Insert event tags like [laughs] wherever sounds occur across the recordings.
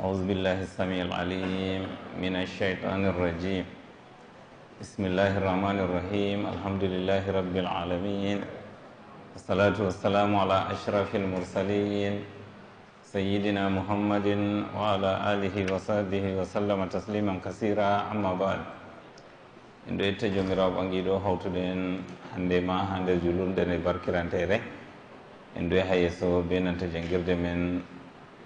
أعوذ بالله السميع العليم من الشيطان الرجيم بسم الله الرحمن الرحيم الحمد لله رب العالمين الصلاة والسلام على أشرف المرسلين سيدنا محمد وعلى آله وصحبه وسلم تسليما كثيرا أما بعد en ɗo yetta jomirawo ɓangiɗo دين en hande ma hande julurde nde barkirantere en ɗo yaha yeeso be nanta jangirde men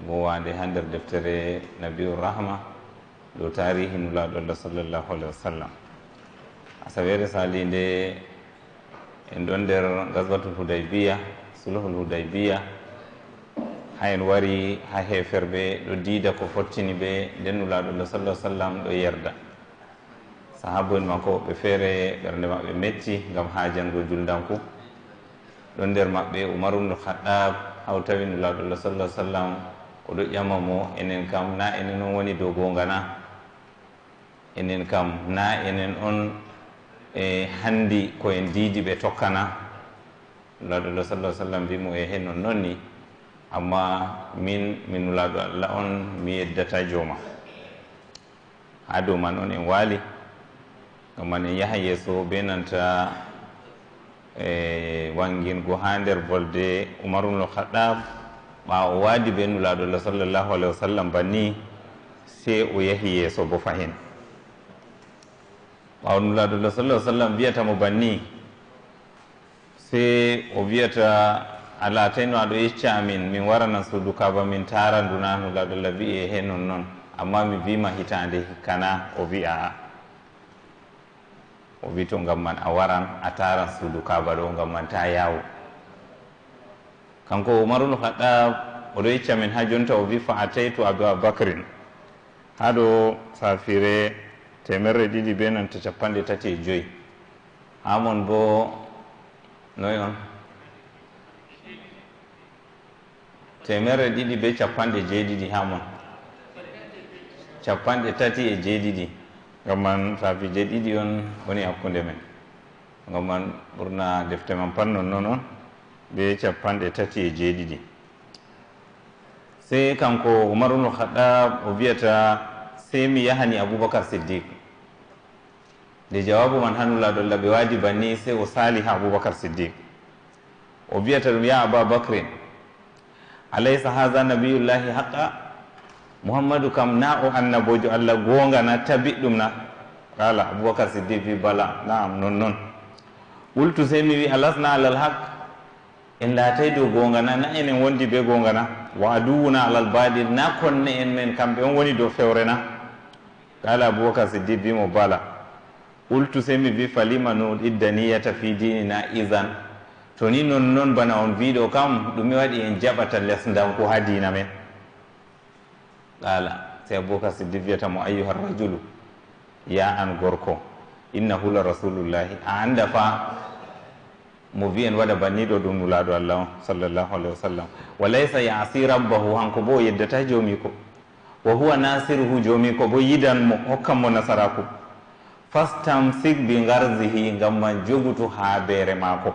bowande ha nder deftere nabiur rahma ɗo tarihi nulaɗo allah sallllahu alahi wa sallam asawere salinde en ɗon nder gasbatul hudaybiya sulhul hudaybiya ha en wari ha heferɓe ɗo diida ko fottini ɓe nden nulaɗo allah sall ah sallam ɗo yerda sahabu en makko woɓɓe feere ɓernde maɓɓe metti gam ha jango juldanku ɗon nder maɓɓe umar ubnu khaɗab haw tawi nulaɗo allah sall ah sallam o ɗo ƴama mo enen kam na enen on woni dow gongana enen kam na enen on e hanndi koyen diidi ɓe tokkana lawɗoɗo sallah sallam mbi mo e hen non noon ni amma min min nulaɗo allah on mi yeddata jooma haa dow man on en waali ngam man en yaha yeeso be nanta e wangingo haa nder bolde umarunlo khaɗab ɓawo waadi be nulaɗo lah sallllahu alahi wa sallam banni se o yahi yeeso bo fahin ɓawo nulaɗo lah sallah sallam wiyata mo banni se o wiyata alatayno aɗo yecca amin min warana suudu kaba min tara nduna nulaɗo lah wiye he non noon amma mi wima hitande hikkana o wi'a o wi to gam man a waran a taran suudu kaba ɗo gam man ta yawo kanko oumarul hadab oɗo yicca min ha jonta o wi fa ataytu abubakrin ha ɗo safire temerre ɗiɗi be nanta capanɗe tati e joyi ha mon bo noy on temerre ɗiɗi be capanɗe jeeɗiɗi ha mon capanɗe tati e jeeɗiɗi gam man saafi jeeɗiɗi on woni hakkunde men gam man ɓurna defte man pat non noon on be capanɗe tati e jeeɗiɗi sey kanko umarunul hadab o wiyata sey mi yahani aboubacar siddique nde jawabu man hanulaɗolla ɓe waadi banni sey o saali ha aboubacar siddique o wiyata ɗum ya aboubacrin alaysa haha nabiyullahi haqqa mouhammadou kam na o annabojo allah goonga na tabit ɗum na qala aboubacar siddique wi bala naam non noon wultu sey mi wi alasna alal haq en laatay dow gongana na enen wondi be gongana wa aduwuna alal baadir na konne en men kamɓe on woni dow fewre na kala aboubacar siddiq bimo bala ultu se mi bi falima no iddaniyata fi dinina isan to ni nonnoon bana on wiiɗo kam ɗumi waɗi en jaɓata les danko ha dina men qala se aboubacar siddiq wiyata mo ayuha rajulu ya an gorko innahula rasulullahi a anda fa mo wiyen waɗa banniɗo ɗum nulaaɗo allah o sallllahu alahi wa sallam wa laysa yaasi rabbahu hanko bo o yeddata joomiko wa huwa nasiruhu joomiko bo yidanmo hokkan mo nasaraku fastamsik bi ngarzihi ngam man jogutu haabeere maako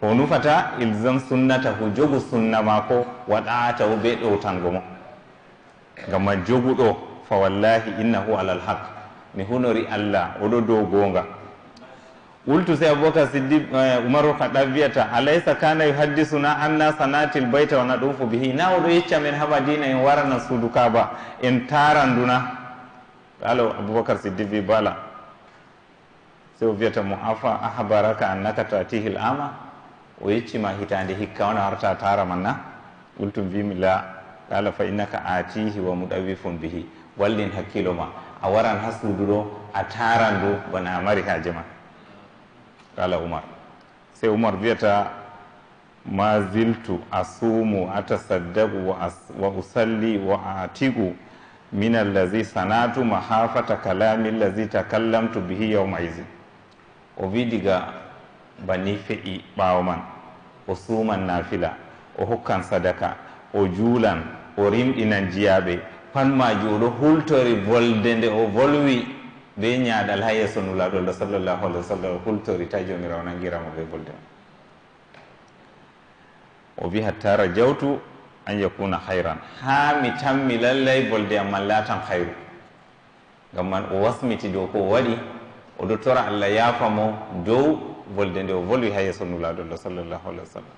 ko nufata ilsam sunnatahu jogu sunna maako waɗaatahu ɓe ɗowtango mo ngam man joguɗo fa wallahi innahu alal haq mi hunori allah oɗo dow goonga wultu si aboubacar siddi oumaru eh, haddab wiyata alaysa kana yuhaddisuna anna sanati l bayta wana ɗoufo bihi na oɗo yecca men haɓa dina en warana suudu kaba en taranduna alo aboubacar siddi wi bala se o wiyata mo afa ahbaraka annaka tatihi l ama o yeccima hitande hikka wona warata taraman na wultu mbimi la ala fa innaka atihi wa muɗawifon bihi wallin hakkilo ma a waran ha suudu ɗo a taran du bona a mari haaje ma Kala Umar, sai Umar zai ta ma ziltu asumu atasaddaku wa usalli wa atiku min allazi sanatu mahafata kalami allazi takallamtu bihi yawma izin o wi diga bani fe'i ɓaawo man o suman nafila o hokkan sadaka o julan o rimɗinan jiyaɓe pat maji oɗo hultori volde nde o volwi be ñaaɗal ha yesso nulaaɗol o sallallahu alah wa sallam hultori ta joomirawo nangiramo ɓe boldema o wi hattara jawtu an yakuna hayran haa mi tammi lallay bolde am mallatan hayru ngam man o wasmiti dow ko waɗi oɗo tora allah yaafa mo dow bolde nde o volwi ha yesso nulaaɗol o sallallahu alah wa sallam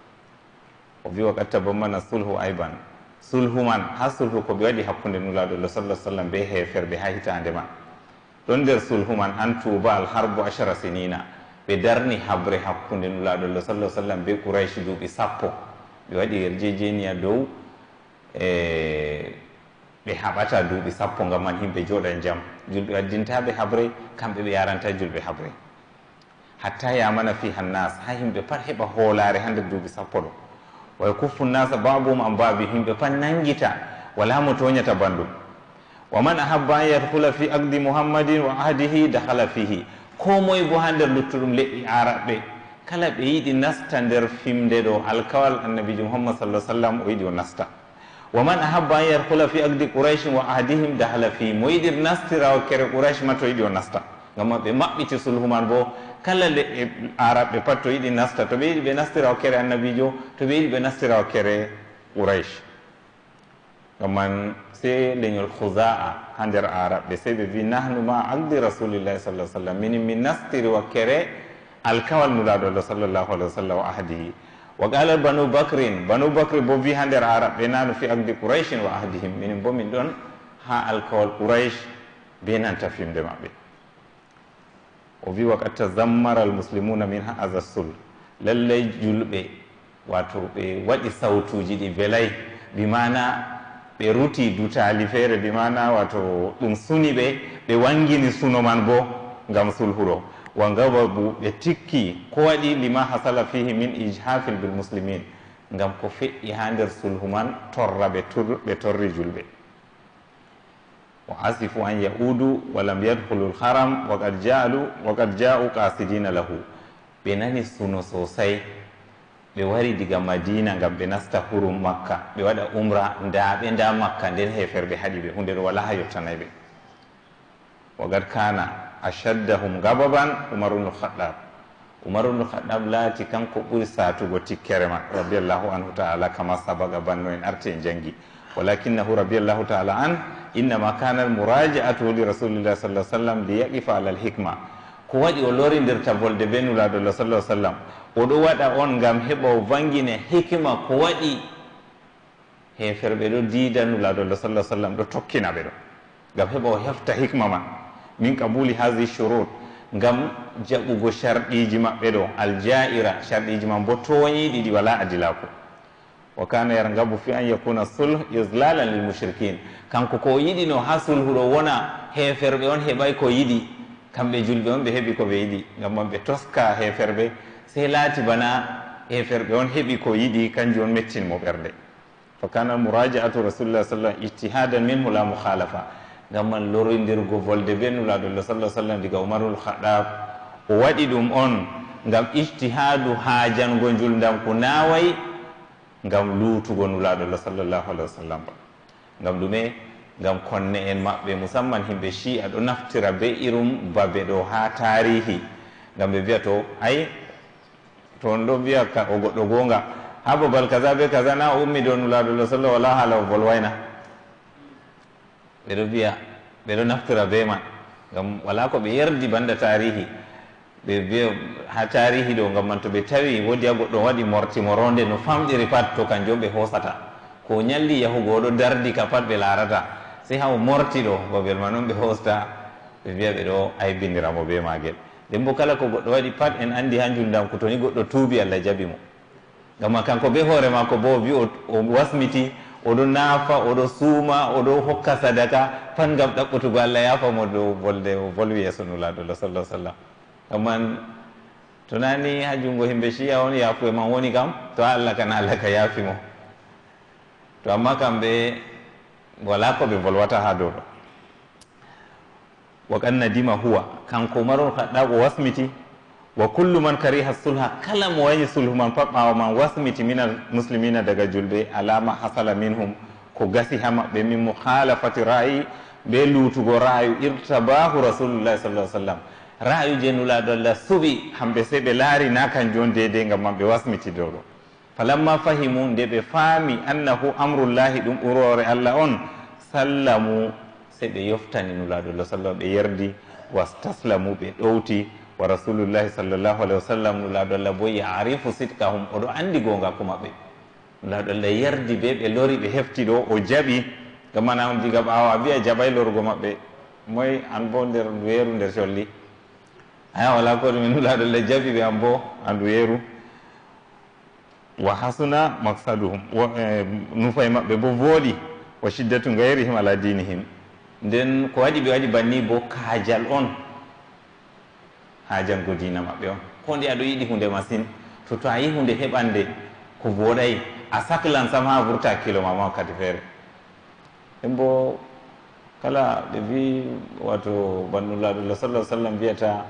o wi waqatta bamana sulhu ayban sulhu man ha sulhu ko ɓe waɗi hakkunde nulaaɗol o sallah sallam be heferɓe ha hitande man ɗon nder sulhuman an touba al harbo achara sinina ɓe darni habre hakkunde nulaɗo lo sallah sallam be couraysh duuɓi sappo ɓe waɗi yerjejeniya dow e ɓe haɓata duuɓi sappo gam man yimɓe jooɗan jam julɓe waddintaɓe habre kamɓe ɓe yaranta julɓe habre hatta yamana fi hannas ha yimɓe pat heɓa hoolare ha nder duuɓi sappo ɗo way kuffunnasa babum an baabi yimɓe pat nangita wala mo toñata banndum wa man ahaba an yadhula fi agdi muhammadin wa ahdihi dahala fihi ko moye bo ha nder luttuɗum leƴƴi araɓɓe kala ɓe yiɗi nasta nder fimde ɗo alkawal annabijo muhammad sallah sallam o yiɗi o nasta wa man ahaba an yadhula fi agdi qouraychin wa ahdihim dahala fihi mo yiɗi nastira wakkere qouraychi mat to yiɗi o nasta gam ma ɓe maɓɓiti sulhuman bo kala leƴƴe araɓɓe pat to yiɗi nasta to ɓe yiɗi ɓe nastira wakkere annabijo to ɓe yiɗi ɓe nastira wakkere qouraychi ɗo man se leñol khousa'a ha nder araɓɓe se ɓe wi nahnu ma abdi rasulillahi sal lah sallam min mi nastiri wa kere alkawal nuraɗo ɗo sallllahu alah wa sallam o ahdihi wa qala banu bacrin banu bacri bo wi ha nder araɓɓe nanu fi abdi qouraishin wa ahdihim minin bo min ɗon ha alkawal qouraish be nanta fimde maɓɓe o wi waqad tazammara almuslimuna min haaza sul lallay julɓe wato ɓe waɗi sawtuji ɗi welay bimana ɓe ruti dutali feere ɓe mana wato ɗum suni ɓe ɓe wangini suno man bo ngam sulhuro wangaba bu ɓe tikki ko waɗi lima hasala fihi min ijhafil bil muslimin ngam ko feƴƴi ha nder sulhu man torra ɓe torri julɓe wa asifu an yaudu walam yadhulu lharam waqad jaalu waqad jaau kasidina lahu ɓe nani suno sosay ɓe wari diga madina gam ɓe nasta huru makka ɓe waɗa umra nda ɓe nda makka nden heferɓe haɗi ɓe hunde ɗo wala ha yettanayi ɓe wagat kana ashaddahum gababan umar ubnu khaɗab umar ubnu khaɗab laati kanko ɓuri satugo tikkere man rabiallahu anhu taala kama sabaga banno en arte en janggi walakinnahu rabiallahu taala an innama kana almouraji atuli rasulillah sallah sallam li yaqifa ala alhikma ko waɗi o lorindirta volde be nulaaɗo allah sallah sallam o ɗo waɗa on ngam heɓa o vangine hikma ko waɗi heefere ɓe ɗo diida nulaaɗo allah sallah sallam ɗo tokkina ɓe ɗo ngam heɓa o hefta hikma man min kabuli hasi shurut ngam jaɓugo sarɗiiji maɓɓe ɗo aljaira sarɗiiji man bo tooñiiɗi ɗi wala adilaako wa kana yar ngabu fi an yakuna sulh islalan lilmushrikin kanko ko o yiɗino haa sulhuɗo wona heeferɓe on heɓay ko yiɗi kamɓe julɓe on ɓe heɓi ko ɓe yiɗi gam man ɓe toska heferɓe sey laati bana heferɓe on heɓi ko yiɗi kanjum on mettinmo ɓerde fa kana mouradiatu rasulillah sallam ijtihadan min mo la mouhalapha gam man lorodirgo volde be nulaɗullah sallah sallam diga oumarul khaɗab o waɗi ɗum on gam ijtihadu haajango julɗam ko naway gam luutugo nulaɗullah sallllahu alah wa sallam gam ɗume gam konne en maɓɓe musamman himɓe chia ɗo naftira be irum babe ɗo ha tarihi gam ɓe mbiya to ay toon ɗo mbiya o goɗɗo gonga ha babal kaza be kaza na ummi do nulaɗo lah sallam wala haala babal wayna ɓeɗo mbiya ɓeɗo naftira be man gam wala ko ɓe yerdi banda tarihi ɓe mbiya ha tarihi ɗo gam man to ɓe tawi wodi ha goɗɗo waɗi morti moronde no famɗiri pat to kanjum ɓe hosata ko ñalli yahugo oɗo dardi ka pat ɓe larata si ha o mortiɗo babel ma noon ɓe hosta ɓe mbiya ɓe ɗo aybindiramo be maguel nden bo kala ko goɗɗo waɗi pat en andi ha njuldanko toni goɗɗo tuubi allah jaɓi mo gamma kanko be hoore mako bo wi o wasmiti oɗo naafa oɗo suuma oɗo hokka sadaka pat gam ɗaɓɓutugo allah yafamo dow volde volwi yeeso nulaɗolo sallah sallam gamman to nani ha jungo himɓe ciya on yaafu e man woni kam to a allah kana allah ka yaafimo to amma kamɓe wala ko ɓe volwata ha dow ɗo wa anna dima huwa kanko umarun haɗɗa o wasmiti wa kullu man kariha sulha kala mo wañi sulhu man pat ɓawa man wasmiti mina muslimina daga julɓe alama hasala minhum ko gasi ha maɓɓe min mohalafati rayi ɓe lutugo rayu irtabahu rasulullahi sal lah sallam rayu je nulaɗo allah suɓi hamɓe se ɓe laari na kan joni dede gam manɓe wasmiti dow ɗo falamma fahimu nde ɓe faami annahu amrullahi ɗum ɓurore allah on sallamu se ɓe yoftani nulaɗullah sallam ɓe yerdi wastaslamu ɓe ɗowti wa rasulullahi sallllahu alahi wa sallam nulaɗoallah bo yarifu sitka hum oɗo andi gongako maɓɓe nulaɗoallah yerdi ɓe ɓe lori ɓe hefti ɗo o jaɓi gamana on diga ɓawa a wiya jaɓay lorugo maɓɓe moy an bo nder weeru nder colli aya wala ko ɗumen nulaɗoallah jaɓi ɓe an bo andu weeru wa hasuna maksaduhum eh, nufay maɓɓe bo vooɗi wa shiddatu gayrihim ala dinihim nden ko waɗi ɓe waɗi banni bo kaajal on haa jango dina maɓɓe on ko nde aɗo yiɗi hunde masine to to a yi hunde heɓande ko vooɗay a sahlan sam haa vurta hakkilo ma ma wakkati feere en bo kala ɓe wi wato bannulaɗullah sallah sallam wiyata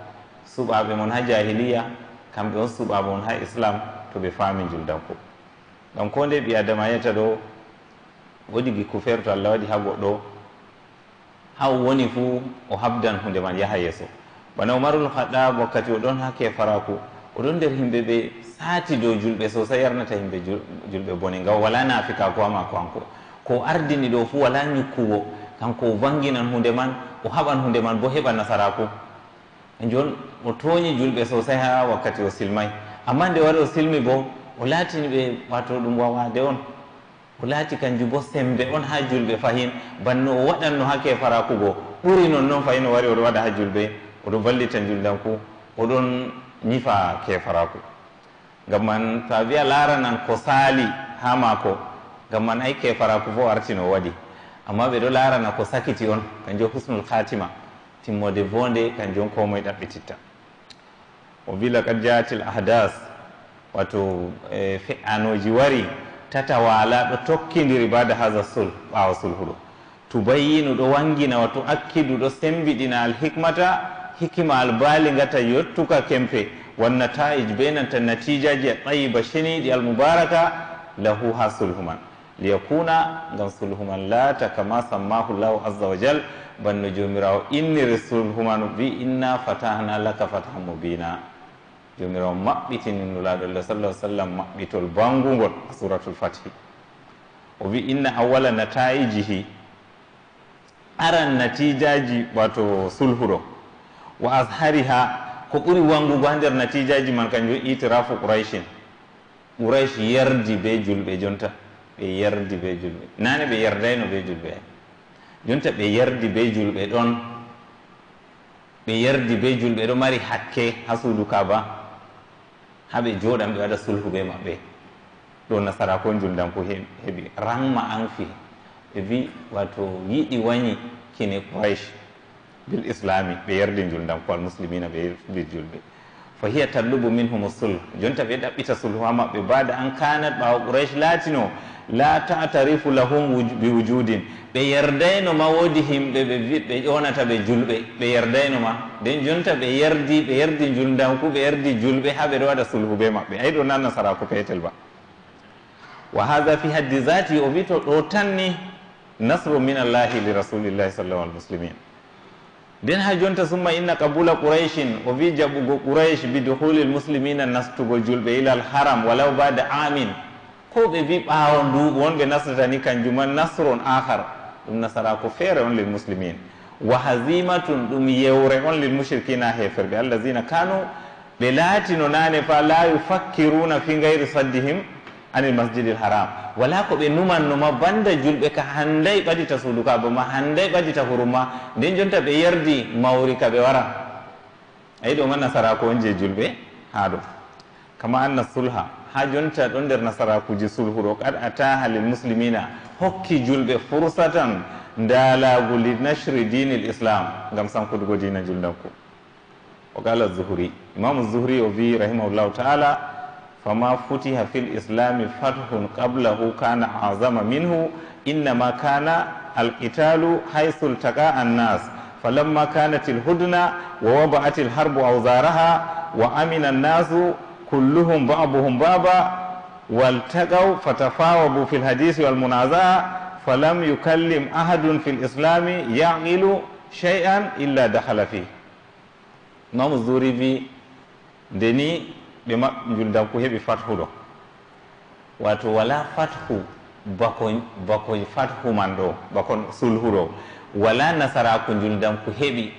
suɓaaɓe mon haa jahiliya kamɓe on suɓaaɓe on haa islam ko ɓe faami juldanko ngam ko nde ɓi adama yeta ɗo woɗi gikku feere to allah waɗi ha goɗɗo ha o woni fuu o habdan hunde man yaha yeeso bana omarul haɗab wakkati o ɗon ha kefaraku oɗon nder himɓe ɓe saati dow julɓe sosai yarnata himɓe julɓe bone ngam wala ko ha mako hanko ko ardini ɗo fuu wala ñukkuwo kanko o vanginan hunde man o haɓan hunde man bo heɓa nasaraku e jon o tooñi julɓe sosai ha wakkati o silmay amma nde wari o silmi bo o laatini ɓe wato ɗum wawade on o laati kanjum bo sembe on ha julɓe fayin banno o waɗanno ha ke farakugo ɓuri non noon fayin o wari oɗo waɗa ha julɓe oɗo vallita juldanku oɗon ñifa ke faraku ngam man ta wiya laranan ko saali ha maako ngam man ay ke faraku fo artino waɗi amma ɓe ɗo larana ko sakiti on kanjum husnul khatima timmode bonde kanjum on ko moye ɗaɓɓititta o wila kad jatil ahdas wato e, feanoji wari tatawala ɗo tokkidiri bada haha sul ɓawa sulhuɗo tubayino ɗo wangina wato akkidu ɗo sembiɗina alhikmata hikima al baali gata yottuka kempe wannataij be nanta natijaji a tayiba seniɗi almoubaraka lahu ha sulhuman liyakuna gam sulhuman laata kama sammahu llahu aza wa jal banno jomirawo inniri sulhuman wi inna fatahna laka fatahan mobina jomirawo maɓɓitinino laaɗo allah sallah sallam maɓɓitol bangugol suratul fatihi o wi inna awala nataijihi aran natijaji wato sulhu ɗo wa ashariha ko ɓuri wangugo ha nder natijaji man kanjum itirafu qouraychin qouraych yerdi be julɓe jonta ɓe yerdi be julɓe nane ɓe yerdayno be julɓe jonta ɓe yerdi be julɓe ɗon ɓe yerdi be julɓe ɗo mari hakke ha suudu kaba haɓe jooɗan ɓe waɗa sulhu ɓe maɓɓe ɗo nasara ko juldan fo heɓi ranma anfi ɓe wi wato yiɗi wañi kine quraish bil islami ɓe yardi juldan fo al muslimina ɓe yardi julɓe fa hiya tallubu minhum sulh jonta ɓe ɗaɓɓita sulha maɓɓe bada an kanat ɓawa qouraish laatino la tatarifu lahum bi wujudin ɓe yardaynoma woodi himɓe ɓe ɓe ƴonata ɓe julɓe ɓe yardaynoma nden jonta ɓe yardi ɓe yardi juldanku ɓe yardi julɓe ha ɓeɗo waɗa sulhu be maɓɓe ayi ɗo na nasarako petel ba wa haha fi haddi zati o wi to ɗo tan ni nasru min allahi li rasulillahi sallallahu alimuslimin nden ha jonta summa inna kabula quraychin o wi jaɓugo quraych biduhuli lmuslimina nastugo julɓe ilal haram walaw bada amin ko ɓe wi ɓawo nduɓu on ɓe nastatani kanjuma nasron ahar ɗum nasarako feere on lil muslimin wa hasimatun ɗum yewre on lil mushrikina heferɓe allahzina kanu ɓe laatino nane fa la yufakkiruna fi gayri saddihim anil masjidil haram wala ko ɓe numannoma bannda julɓe ka handay ɓadita suudu kaba ma handay ɓadita huruma nden jonta ɓe yardi mawri ka ɓe wara ayi ɗo man nasaraku on je julɓe ha ɗo kama anna sulha ha jonta ɗon nder nasarakuji sulhuɗo kad ataha lilmuslimina hokki julɓe fursatan ndalagu li nashri dinil islam gam sankudugo dina julɗanku o kala zuhri imamu zuhri o wi rahimahullahu taala فما فتح في الإسلام فتح قبله كان أعظم منه إنما كان القتال حيث التقى الناس فلما كانت الهدنة ووضعت الحرب أوزارها وأمن الناس كلهم بعضهم بابا والتقوا فتفاوضوا في الحديث والمنازعة فلم يكلم أحد في الإسلام يعقل شيئا إلا دخل فيه نوم الزوري في دني ɓe maɓɓe juldanku heɓi fathu ɗo wato wala fathu bako bako fathu man ɗo bako sulhu ɗo wala nasaraku juldanku heɓi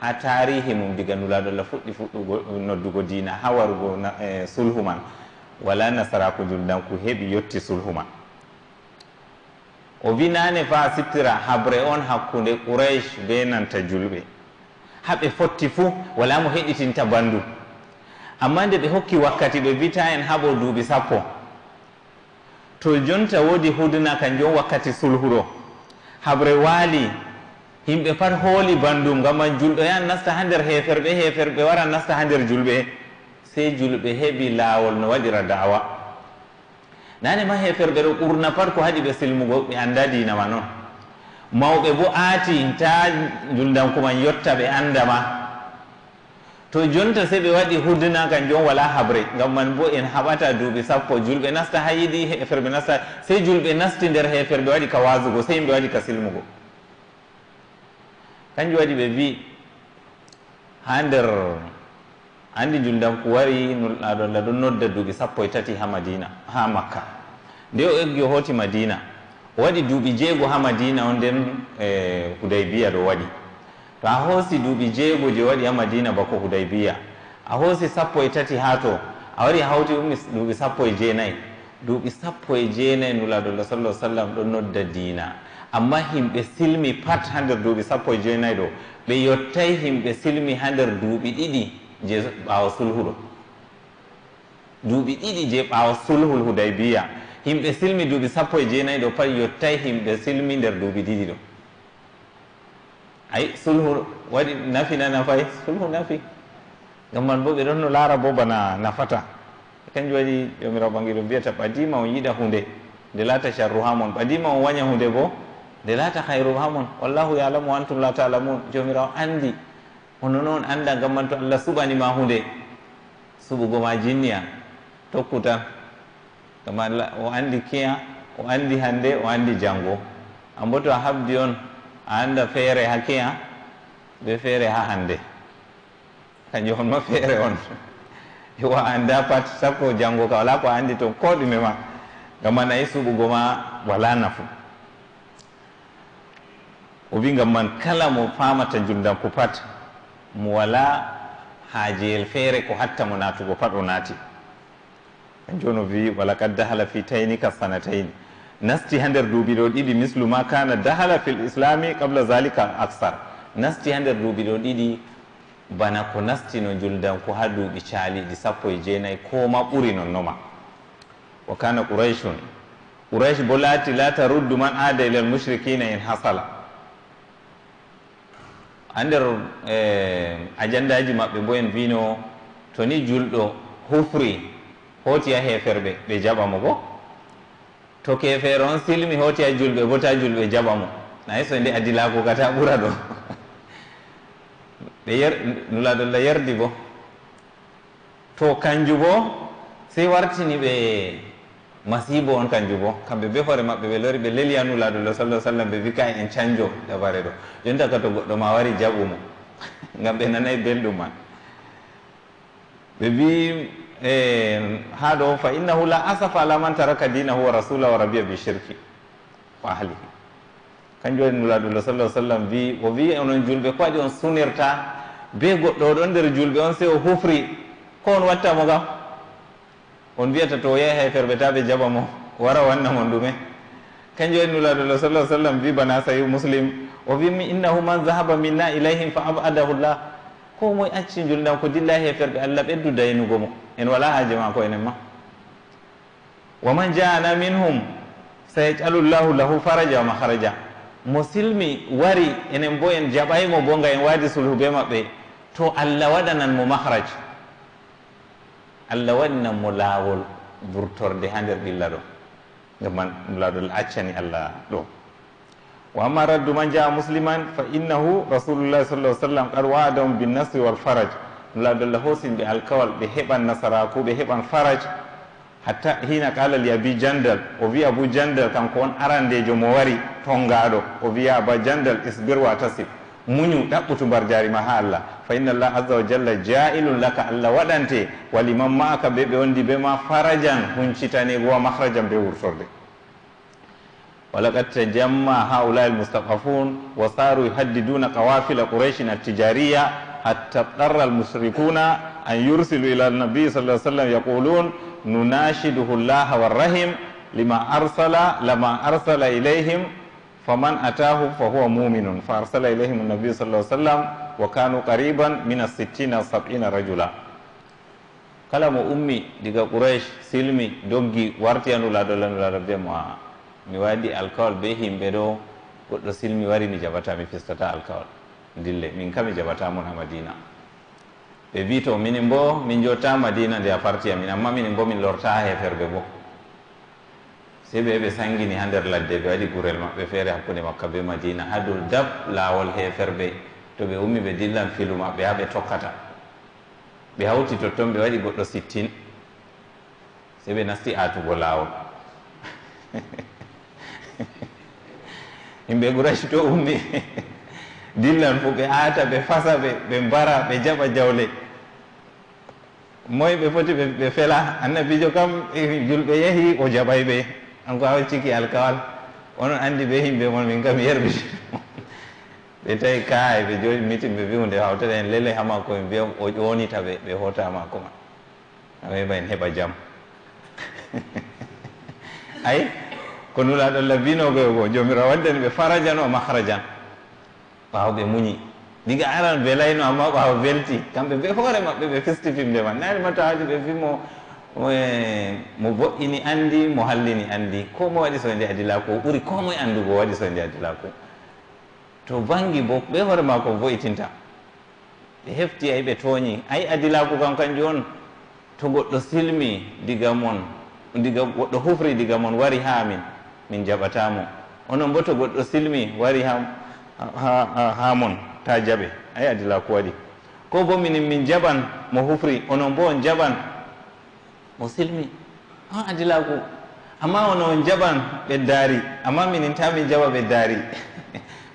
ha tarihi mum diga nulaɗo allah fuɗɗi fuɗɗugo noddugo dina ha warugo e, sulhu man wala nasaraku juldanku heɓi yetti sulhu man o winane fa sittira habre on hakkunde quraish be nanta julɓe haɓe fotti fuu wala mo heɗitinta bandu amma nde ɓe hokki wakkati ɓe mbita en haɓo duuɓi sappo to jonta woodi hudunaka jon wakkati sulhuro haɓre waali yimɓe pat hooli banndum ngam man julɗo yan nasta ha nder heeferɓe heeferɓe wara nasta ha nder julɓe sey julɓe heɓi laawol no waɗira daawa nane ma heeferɓe ɗo ɓurna pat ko haɗi ɓe silmugo ɓe annda diina ma noon mawɓe bo aati ta julndankuman yotta ɓe annda ma to jonta se ɓe waɗi huddanaka jon wala habre ngam man bo en haɓata duuɓi sappo julɓe nasta ha yiɗi heferɓe nasta sey julɓe nasti nder heferɓe waɗi ka wasugo sey yimɓe waɗi ka silmugo kanjum waɗi ɓe mbi ha nder andi juldanku wari nulɗaɗolla ɗo nodda duuɓi sappo e tati ha madina ha makka nde o eggi o hooti madina o waɗi duuɓi jeego ha madina o nden e hudaybiya ɗo waɗi to a hoosi duuɓi jeego je waɗi ha madina bako hudaybiya a hoosi sappo e tati ha to a wari hawti ummi duuɓi sappo e jeenayi duuɓi sappo e jeenayi nulaɗolla sall ah sallam ɗo nodda diina amma himɓe silmi pat ha nder duuɓi sappo e jeenayi ɗo ɓe yottay himɓe silmi ha nder duuɓi ɗiɗi je ɓaawa sulhuɗo duuɓi ɗiɗi je ɓaawa sulhul hudaybiya himɓe silmi duuɓi sappo e jeenayi ɗo pat yottay himɓe silmi nder duuɓi ɗiɗi ɗo ay sulhu waɗi nafina nafay sulhu nafi gam man bo ɓe ɗon no laara bo bana nafata kanjum waɗi jomirawo bangiɗo mbiyata ɓadima o yiɗa hunde nde laata charru ha mon ɓadima o waña hunde bo nde laata hayru ha mon wallahu yalamu antum la talamun jomirawo andi hono noon anda gam man to allah suɓanima hunde suɓugo ma jinniya tokku tan gam o andi kiya o andi hande o andi jango ambo to a habdi on anda feere ha kiya ɓe feere ha hande kanjum on ma feere on wa anda pat sappo jango ka wala ko anndi toon ko ɗume ma ngam man ayi suɓugo ma wala nafu o bi ngam man kala mo famata ko pat mo wala el feere ko hatta mo natugo pat o naati kanjum on bi wala kadda hala fi taynika sanatayni nasti ha nder duuɓi ɗo ɗiɗi misluma kana dahala fi l islami qable zalika aksar nasti ha nder duuɓi ɗo ɗiɗi bana ko nasti no juldanko ha duuɓi caaliɗi sappo e jeenayi koma ɓuri nonnoma wa kana qouraychun qouraych bo laati la taruddu man aada ilal mushrikina in hasala ha nder eh, ajandaji maɓɓe bo en mbino to ni julɗo hufri hooti ha heeferɓe ɓe jaɓamo boo to ke feere on silmi hoti a julɓe bo ta julɓe jaɓa mo nayi so nde adilako kata ɓura ɗo ɓe yer nulaɗolla yerdi bo to kanju bo sey wartini ɓe masibo on kanju bo kamɓe be hoore maɓɓe ɓe lori ɓe leliya nulaɗolla sallah sallam ɓe wika en canjo ɗabare ɗo joni taka to goɗɗo ma wari jaɓu mo [laughs] gam ɓe nanayi belɗum man ɓe mbi ha ɗo fa innahu la asafa ala man taraka dinahu wa rasulahu rabia bi shirki wa ahlihi kanjum waɗi nulaɗulla sallah sallam wi o wi e onon julɓe ko waɗi on sunirta be goɗɗo ɗon nder julɓe on sey o hufri ko on wattamo gam on wiyata to o yahi hay ferɓe taɓe jaɓa mo wara wanna mon ɗume kanjum waɗi nulaɗulla sallah sallam wi bana sahi muslim o wi mi innahu man zahaba minna ilayhim fa abadahu llah ko moye acci julde am ko dilla he ferɓe allah ɓeddu daynugo mo en wala haaji ma ko enen ma wa man jana minhum sayajalullahu lahu faraja wa mahraja mo silmi wari enen bo en jaɓaymo bonga en waadi sulhu be maɓɓe to allah waɗanan mo mahraj allah waɗinan mo laawol wurtorde ha nder ɓilla ɗo gam man laawol accani allah ɗo wa amma raddu man jaa musliman fa innahu rasulullahi sal lah sallam qad waadahum binnasri walfaraj allah dalla hoosinɓe alkawal ɓe heɓan nasaraku ɓe heɓan faraj hatta hina kala li abi jandal o wi abou jandal kanko on arandejo mo wari tongaɗo o wiya aba jandal isbir wa tasib muñu ɗaɓɓutu mbar jarima ha allah fa inna allah azza wa jalla jailum laka allah waɗante waliman maaka ɓe ɓe wondi ɓema farajan huncitanego wa mahrajan ɓe wurtorde walaqad tajamma haula'il mustaqafun wa saru yahdiduna qawafil quraish na tijariya hatta qarra al musrikuna an yursilu ila an nabiy sallallahu alaihi wasallam yaqulun nunashiduhu allah lima arsala lama arsala ilaihim faman atahu fa huwa mu'minun fa arsala ilaihim an nabiy sallallahu wa kanu qariban min as sittina sab'ina rajula kalamu ummi diga quraish silmi doggi warta ya dalan la rabbi ma mi waddi alcool be yimɓe ɗo goɗɗo silmi wari mi jaɓata mi fistata alcool dille min kam mi jaɓatamon ha madina ɓe mbi to minin bo min jotta madina nde a parti amin amma minin bo min lorta ha heferɓe bo se ɓe ɓe sangini ha nder ladde ɓe waɗi gurel maɓɓe feere hakkude makka be madina ha dow dab laawol heferɓe to ɓe ummi ɓe dillan filu maɓɓe ha ɓe tokkata ɓe hawti totton ɓe waɗi goɗɗo sittin se ɓe nasti atugo laawol [laughs] yimɓe [laughs] gouraci to ummi [laughs] dillan fo ɓe aata ɓe fasa ɓe ɓe mbara ɓe jaɓa jawle moyi ɓe foti ɓe fela annabijo kam e, julɓe yahi o jaɓay ɓe anko awa ciki alkawal onon anndi ɓe yimɓe mon min kam yerbiti [laughs] ɓe tawi kaay ɓe jooɗi mitin ɓe wiunde hawtata en lele ha makko en mbiyam o ƴoonita ɓe ɓe hota makko ma aweɓa en heɓa jam ayi ko nulaaɗo labbinoogoyo goo joomiraa waddani ɓe farajan o mahrajan ɓaawo ɓe muñi ɗiga aran welayno amma ɓaawa welti kamɓe ɓe hoore maɓɓe ɓe fisti fimde man naani ma to haaji ɓe fimo mo boƴƴini e, anndi mo hallini anndi ko moe waɗi soe nde adilaku ɓuri ko moe anndugo waɗi soe nde adilaku to baŋngi bo ɓe hoore maa ko boyitinta ɓe hefti ay ɓe tooñi ay adilaku kam kanjum on to goɗɗo silmi diga mon diga goɗɗo hufri diga mon wari haa min min jaɓatamo onon bo to goɗɗo silmi wari ha ha mon ta jaɓe ay adila ko waɗi ko bo minin min jaɓan mo hufri onon bo on jaɓan mo silmi a adilaku amma ono on jaɓan ɓeddari amma minin ta min jaɓa ɓeddari [laughs]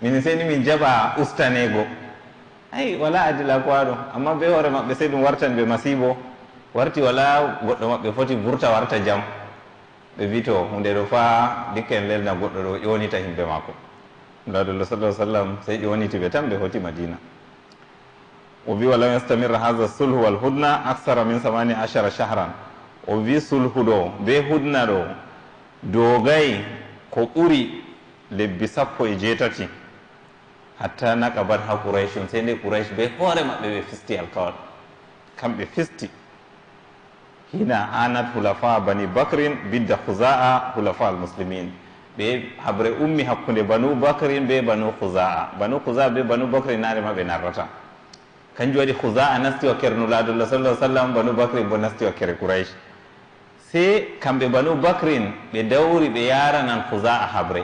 minin seni min jaɓa ustanego ay wala adilaku ha ɗo amma be hoore maɓɓe se ɗum wartan ɓe masibo warti wala goɗɗo maɓɓe foti vurta warta jam ɓe wi to hunde ɗo faa dikken lelna goɗɗo ɗo ƴonita himɓe maako laadullah sallah sallam sey ƴoniti ɓe tan ɓe hoti madina o wi walam yastamira haha sulhu wal hudna aksara min samani achara shahran o wi sulhu ɗo be hudna ɗo dogay ko ɓuri lebbi sappo e jeetati hatta naqabat ha qouraish on sey nde qouraish be hoore maɓɓe ɓe fisti alkawal kamɓe fisti hina anat hulafa bani bacrin bidda khusa'a hulafa al muslimin ɓe habre ummi hakkunde banu bacrin be banu khusa'a banu khusa'a be banu bacrin naarema ɓe narrata kanjum waɗi khusa'a nasti o kere nulaadullah sallah sallam banu bacrin bo nasti o kere couraish se kamɓe banu bacrin ɓe dawri ɓe yaranan khusa'a habre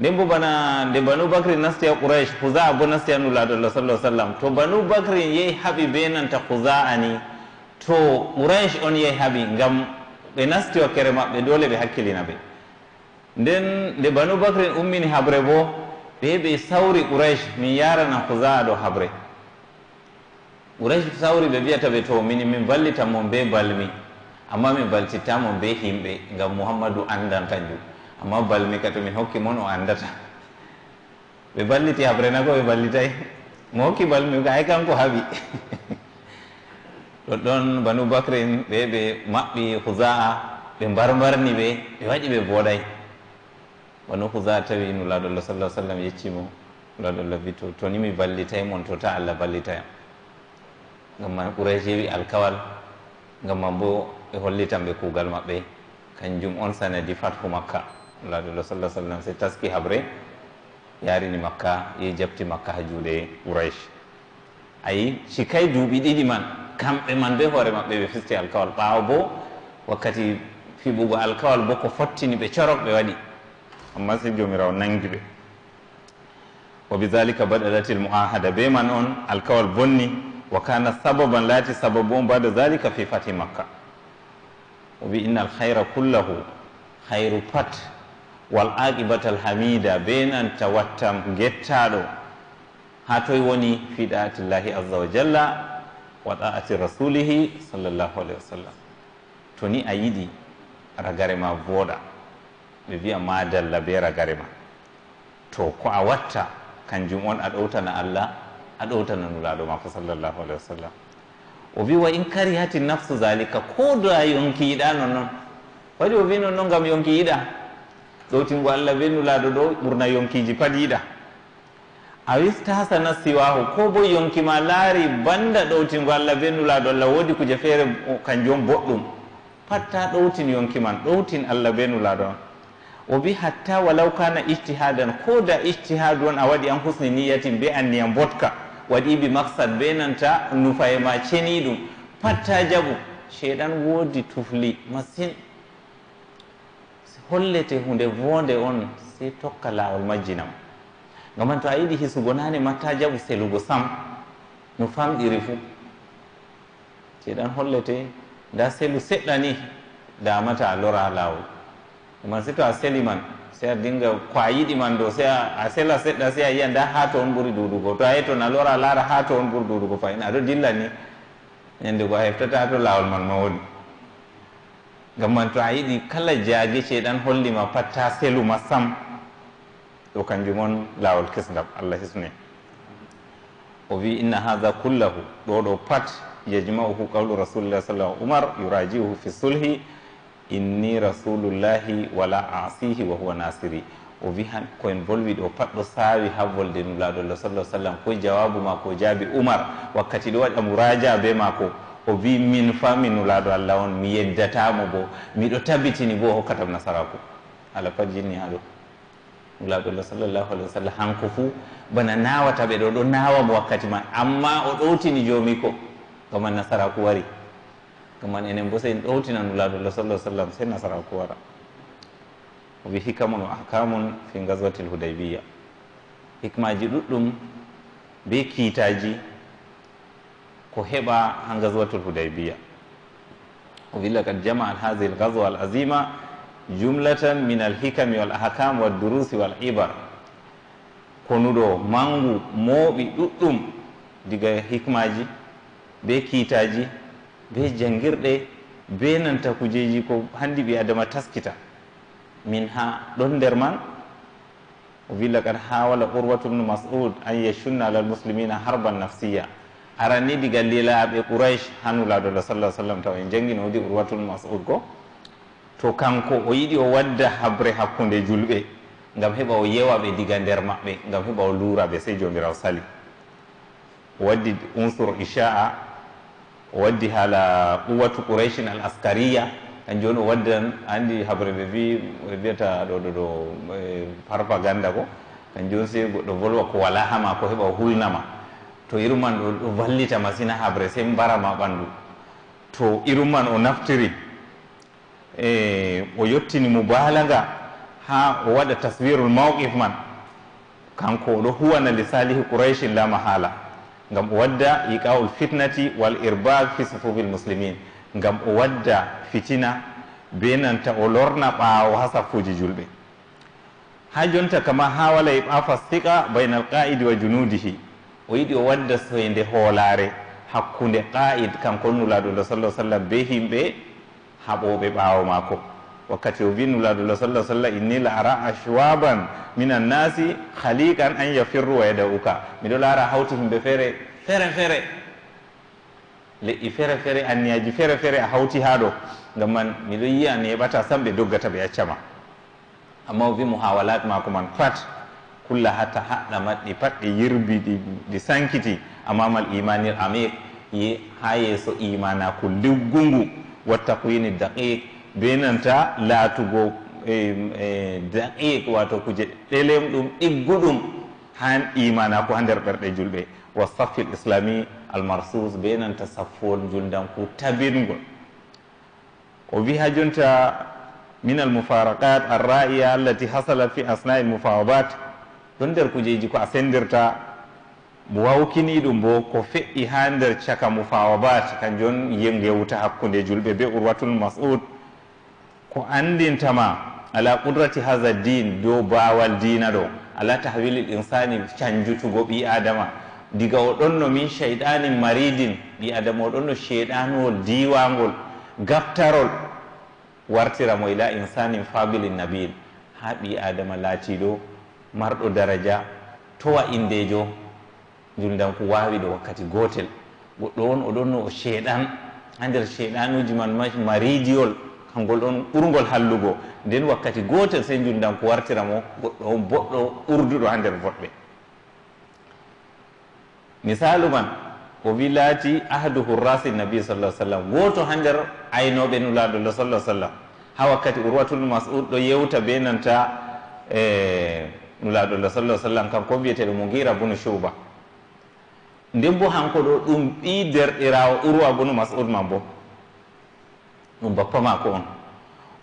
nden bo bana nde banu bacrin nasti a couraish khusa'a bo nasti a nulaadullah sallah sallam to banu bacrin yehi haɓi be nanta khusa'a ni to qouraish on yehaɓi ngam ɓe nasti hokkere maɓɓe dole ɓe hakkillina ɓe nden nde banu bacrin ummini haɓre bo ɓe ɓe sawri qouraish min yarana kouzaa ɗo haɓre qouraish sawri ɓe wiyata ɓe to min min ballita mon be balmi amma min balcittamo be himɓe ngam mouhammadou andan kanju amma balmi ka tomin hokki mon o andata ɓe balliti haɓre nako ɓe ballitay mo hokki balmi ka ay kanko haɓi [laughs] ɗon ɗon banu bacre ɓe ɓe maɓɓi husa'a ɓe mbarmbarni ɓe ɓe waɗi ɓe booɗay banu husa'a tawi no laaɗoallah sallah sallam yeccimo laaɗoallah wi to to ni mi ballitay mon to ta allah ballitayam ngam ma ɓuray jewi alkawal ngam ma bo ɓe hollitan ɓe kuugal maɓɓe kanjum on sanadi fatu makka laaɗoallah sallah sallam se taski habre yarini makka yi jabti makka ha juuɗe ɓouraych ayi sikkay duuɓi ɗiɗi man kamɓe man be hoore maɓɓe ɓe fisti alkawal ɓaawa bo wakkati fiɓugo alkawal bo ko fottini ɓe corok ɓe waɗi amma si jomirawo nangi ɓe wa bidalika baɗalat il muahada be man on alkawal bonni wa kana sababan laati sababu on bada dalika fi fati makka o wi inna alhayra kullahu hayru pat wal aqibata al hamida be nanta wattam gettaɗo ha toye woni fiɗaatillahi azza wa jalla wa da'ati rasulihi sallllahu alayhi wa sallam to ni a yiɗi ragare ma booɗa ɓe wiya madalla be ragare ma to ko a watta kanjum on a ɗowtana allah a ɗowtana nulaɗo mako sallllahu alayhi wa sallam o wi wa in karihati nafsu zalika ko da yonki yiɗa non noon waɗi o wi non noon gam yonki yiɗa ɗowtingo allah be nulaɗo ɗo ɓurna yonkiji pat yiɗa a wistasana siwahu ko bo yonkima laari banda ɗowtingo allah bendulaɗo allah woodi kuje feere kanjum boɗɗum patta ɗowtin yonki man ɗowtin allah bendulaɗo on o bi hatta walaw kana ijtihadan ko da ijtihadu on a waɗi an husni niyatin be anniyam botka waɗiɓe maksad be nanta nufaye ma ceni ɗum patta jaɓu sheɗan woodi tufli masin hollete hunde wonde on sey tokka laawol majjinama gam man to a yiɗi hisugo nane matta jaɓu selugo sam no famɗiri fuu teɗan hollete nda selu seɗɗa ni damata a lora lawol ɗuman si to a seli man se a dinga ko a yiɗi man do se a sela seɗɗa se a yiya nda ha to on ɓuri duɗugo to a yi toon a lora laara ha to on ɓuri duɗugo fayin aɗo dilla ni ñande ko a heftata to lawol man ma woni gam man to a yiɗi kala jaage ceeɗan hollima patta selu ma sam yo kanjum on laawol kesngam allah hisne o wi inna hada kullahu ɗo ɗo pat yajmauhu qawlu rasulillah sa sallam umar yurajiuhu fi sulhi inni rasulullahi wala asihi wa huwa nasiri o wi han koyen bolwi ɗo pat ɗo saawi habbolde num laaɗolla sallah sallam koye jawabu maako jaabi umar wakkati ɗo waɗa muraja be maako o wi min fa min nulaaɗo allah on mi yeddatamo bo miɗo tabitini bo hokkatam nasaraku ala pat jinni haɗo laawɗullah sallllahu alih wa sallam hanko fuu bana naawata ɓe ɗo ɗo naawamo wakkati ma amma o ɗowtini joomi ko kaman nasaraku wari kaman enen bo sen ɗowtinanu laawɗullah sallah sallam se nasaraku wara o wi hikamun o ahkamun fi gaswati l hudaybiya hikmaji ɗuɗɗum be kiitaji ko heɓa ha gaswatu l hudaybiya o willa kad jama al hadihi l gaswa al azima jumlatan min alhikami wal ahkam wa durusi wal ibar konuɗo mangu mooɓi ɗuɗɗum diga hikmaji be kiitaji be jangirɗe be nanta kujeji ko hanndi ɓi adama taskita min ha ɗon nder man o wi lakad ha walla urwatubnu masud an yashunna alal muslimina harban nafsiya aran ni diga lilaɓe quraish hanulaɗo la sallah sallam taw en jangi no wodi urwatubnu masud ko to kanko o yiɗi o wadda habre hakkunde julɓe ngam heɓa o yewa ɓe diga nder maɓɓe ngam heɓa o luura ɓe sey jomirawo sali o waddi unsur isha'a o waddi haala quwatu qouraychin al askariya kan joni o waddan andi habre ɓe wi ɓe mbiyata ɗo ɗo ɗo e, propaganda ko kan joni sey goɗɗo volwa ko wala hama ko heɓa o hulnama to iruman ɗo ɗo vallita masina habre sey mbarama ɓandu to iruman o naftiri e o yettini mo baala nga ha o waɗa taswirul mawqif man kanko oɗo huwana li salihi qouraychin la mahala ngam o wadda iqaul fitnati wal irbag fi safufi l muslimin ngam o wadda fitina be nanta o lorna ɓawo ha safuji julɓe ha jonta kama ha walay ɓafasiqa bayna al qa'idi wa junudihi o yiɗi o wadda soyde hoolare hakkunde qa'id kanko nulaɗo lo sallah sallam be himɓe haɓoɓe ɓawo mako wakkati o wi nulaadullah sala sallam inni la ara ashwaban minan nasi khaliqan an yafirru wa yada uka miɗo laara hawti himɓe feere feere feere leƴƴi feere feere anniyaji feere feere a hawti ha ɗo ngam man miɗo yiya ni heɓata sam ɓe doggata ɓe accama amma o wi muhawalat mako man pat kulla hatta haɗɗa maɗɗi pat ɗi yirbi ɗi sankiti amamal imanil amir ye ha yeeso imanako liggu ngu wa taqwini daqiq be nanta laatugo e, e, daqiq wato kuje ɗelem ɗum ɗigguɗum han imana ko ha nder ɓerɗe julɓe wa saffi l islami almarsus be nanta saffuwol juldanku tabingol o wi ha jonta min almufaraqat alra'iya allati hasala fi asna'i almufawabat ɗon nder kujeji ko a sendirta mo wawkini ɗum bo ko feƴƴi ha nder caka mo fawa bata kanjon yengewta hakkude julɓe be urwatul masud ko andintama ala qudrati haha din dow bawal dina ɗo ala tahwili linsani canjutugo ɓi adama diga o ɗon no min cheyɗani maridin ɓi adama o ɗon no sheyɗanuwol diwangol gaftarol wartiramo ila insanin fabili nabil ha ɓi adama laatiɗo marɗo daraja towa indejo julidanko wawi ɗo wakkati gotel goɗɗo on oɗon no o sheeɗan ha nder sheeɗanuji man maridiol kangol ɗon ɓurgol hallugo nden wakkati gotel sey julidanko wartira mo goɗɗo on boɗɗo ɓurduɗo ha nder boɗɓe misalu man o wi laati ahaduhu rasi nabi sallah sallam woto ha nder aynoɓe nulaɗolo sallah sallam ha wakkati urwatul masud ɗo yewta be nanta e eh, nulaɗolo sallah sallam kanko wiyeteɗo mo gira bune chouba nden bo hanko ɗo ɗum ɓi derɗirawo urwa bunu masud ma bo ɗum bappa mako on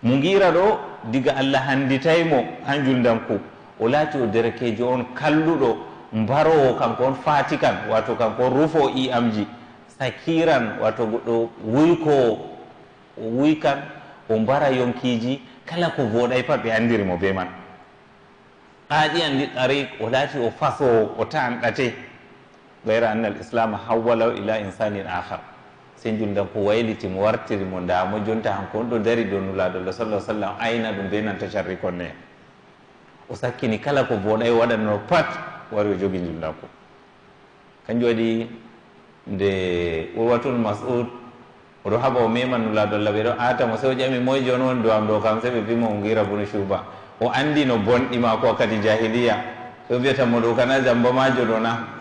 mo gira ɗo diga allah handitaymo ha juldanku o laati o derekejo on kalluɗo mbarowo kanko on fati kan wato kanko on rufo i am ji sakiran wato goɗɗo wuykowo o wuykan o mbara yonkiji kala ko voɗay pat ɓe andirimo be man qaaɗi andi ɗari o laati o fasowo o ta an ɗate gayra anna al islam hawwalaw ila insanin ahar sey njul ndan ko wayliti mo wartiri mo ndaamo jonta han ko on ɗo dari do nulaɗolla sallah sallam ayna ɗum de nanta carri konne o sakkini kala ko boona e waɗanno pat wari o jogi njulndanko kanjum waɗi nde urwatun masud oɗo haɓa o mema nulaɗolla ɓe ɗo atamo sey o ƴami moye joni woni dowam ɗo kam sey ɓe bima o gira bune suba o anndi no bonɗi ma ko wakkati jahiliya so mbiyatanmo ɗo kana jambamajo ɗona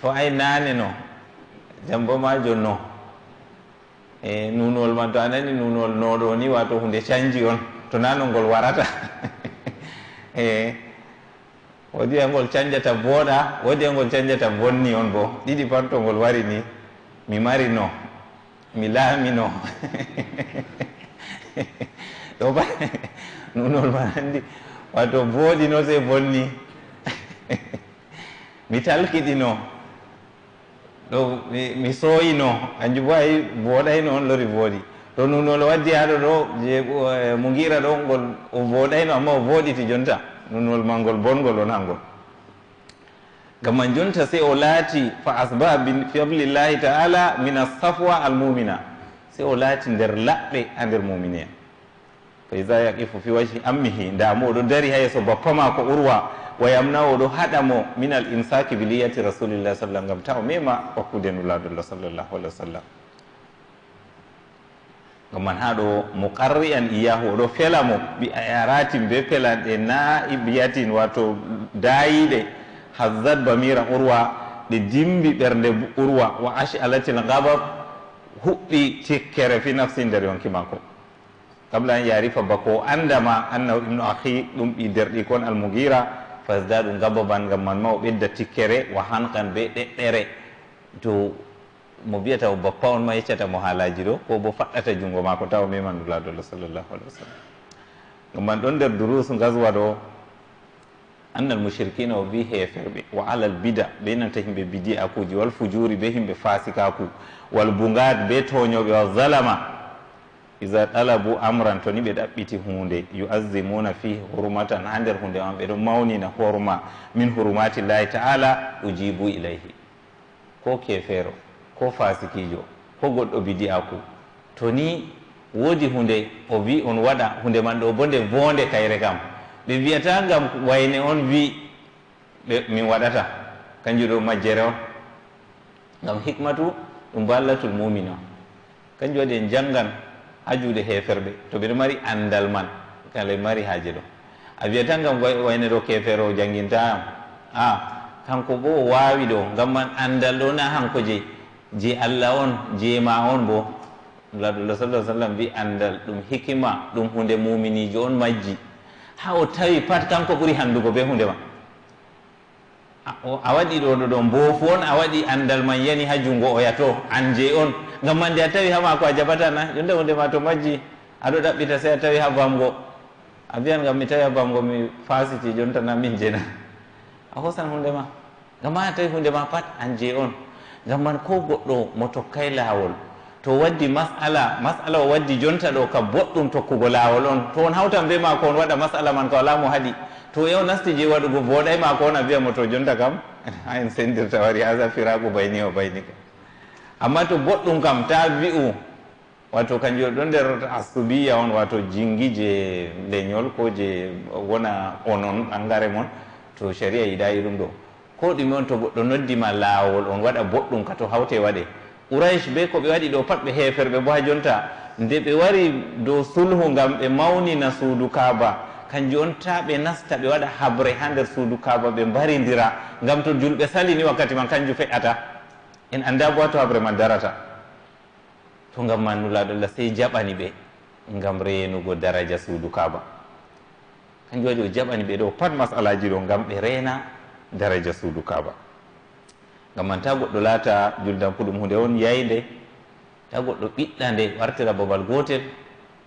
to ay naane no jambo majo no e nunol man to a nunol nunol noɗo ni wato hunde canji on to nano ngol warata [laughs] e woodi e ngol canjata boda woodi e ngol canjata bonni on bo ɗiɗi parto ngol wari ni mi mari no mi no do ba nunol man andi wato bodi no se bonni [laughs] mi talkiɗino ɗo mi sooyino anju bo ay booɗay noon lori booɗi to nunol waddi haɗo ɗo je eh, mo gira ɗo ngol o booɗayno amma o booɗiti jonta nunol malngol bongol on hangol gamma jonta se o laati fa asbabi fiablillahi taala min assafwa al mumina se o laati nder laɓɓe ha nder mumine fa isa yaqifu fi waji ammihi ndamo oɗo dari ha yeeso bappa ma ko urwa wa yamna o ɗo haɗa mo min al insaki biliyati rasulillah sallam ngam taw mema wakkude nulaadullah sallllahu alih wa sallam gam man haa ɗo mo qarri an iyahu oɗo fela mo ɓi aratin be pelanɗe na biyatin wato daayiɗe hazzat bamira urwa ɗe dimbi ɓernde urwa wa ashi alatil gabab huɓɓi tikkere fi nafsi nder yonki makko kamla an yarifa bako andama annahu ibnu ahi ɗum ɓi derɗi kon almugira fasda ɗum gabbaban gam man ma o ɓedda tikkere wa hanqan be ɗeɗɗere to mo biyata o bappa on ma yeccata mo haalaji ɗo ko bo faɗɗata junngo maako taw mimanulladollah sallllahu alih wa sallam gam man ɗon nder durus gaswa ɗo annal mushrikina o wi heferɓe wa alal bida ɓe nanta himɓe bidi akuji wal fujuri be himɓe fasikaku wal bungad be toñoɓe wa zalama iza ɗalabu amran to ni ɓe ɗaɓɓiti hunde yuazimuna fihi hurmatan ha nder hunde ma ɓeɗo mawnina horma min hurmati llahi taala ujibu ilayhi ko kefero ko fasikijo ko goɗɗo bidi'aku to ni woodi hunde o wi on waɗa hunde man ɗo bo nde boonde kayre kam ɓe wiyata gam wayne on wi ɓe min waɗata kanju ɗo majjere on gam hikmatu ɗum ballatul mumine on kanju waɗi en janngan ha juuɗe heferɓe to mbiɗa mari anndal man kala mari haaji ɗo a wiya tan gam wayneɗo kefere o jangginta am a hanko bo waawi ɗo ngam man anndal ɗo na hanko jeyi je allah on jeyma on bo laɗullah sallah sallam mbi anndal ɗum hikima ɗum hunde muminiijo on majji ha o tawi pat kanko ɓuri hanndugo be hunde ma a waɗi ɗo ɗo ɗon boofu on a waɗi anndal man yani ha junngo oyato an je on ngam ma nde a tawi ha maako a jaɓatana jonde wonde ma to majji aɗo ɗaɓɓita sey a tawi ha bamgo a mbiyan ngam mi tawi ha bamgo mi fasiti jontana min jena a hosan hunde ma ngam ma a tawi hunde ma pat an je on ngam man ko goɗɗo mo tokkay laawol to waddi masala masala o waddi jonta ɗo ka boɗɗum tokkugo laawol on to on hawtan be maako on waɗa masala man ko alaa mo haɗi to yaw nasti je waɗugo booɗay ma ko ona mbiya mo to jonta kam [laughs] ha en sendirta wari a safiraku bayni o bayni ka amma to goɗɗum kam ta wi'u wato kanjum o ɗon nder asubiya on wato jingi je leñol ko je wona onon angare mon to sharia yiɗayi ɗum ɗo ko ɗume on to goɗɗo noddima laawol on waɗa boɗɗum ka to hawte waɗe ouraish be ko ɓe waɗi ɗo pat ɓe heferɓe bo ha jonta nde ɓe wari dow sulhu ngam ɓe mawnina suudu kaba kanju on ta ɓe nasta ɓe waɗa habre ha nder suudu kaaba ɓe mbarindira ngam to julɓe salini wakkati ma kanju feƴata en annda bo to habre ma darata to ngam mannulaaɗo allah sey jaɓani ɓe ngam reenugo daraja suudu kaaba kanju waɗi o jaɓani ɓe ɗo pat masalaji ɗo ngam ɓe reena daraja suudu kaaba ngam man ta goɗɗo laata juldan pu ɗum hunde on yayde ta goɗɗo ɓiɗɗa nde wartira babal gootel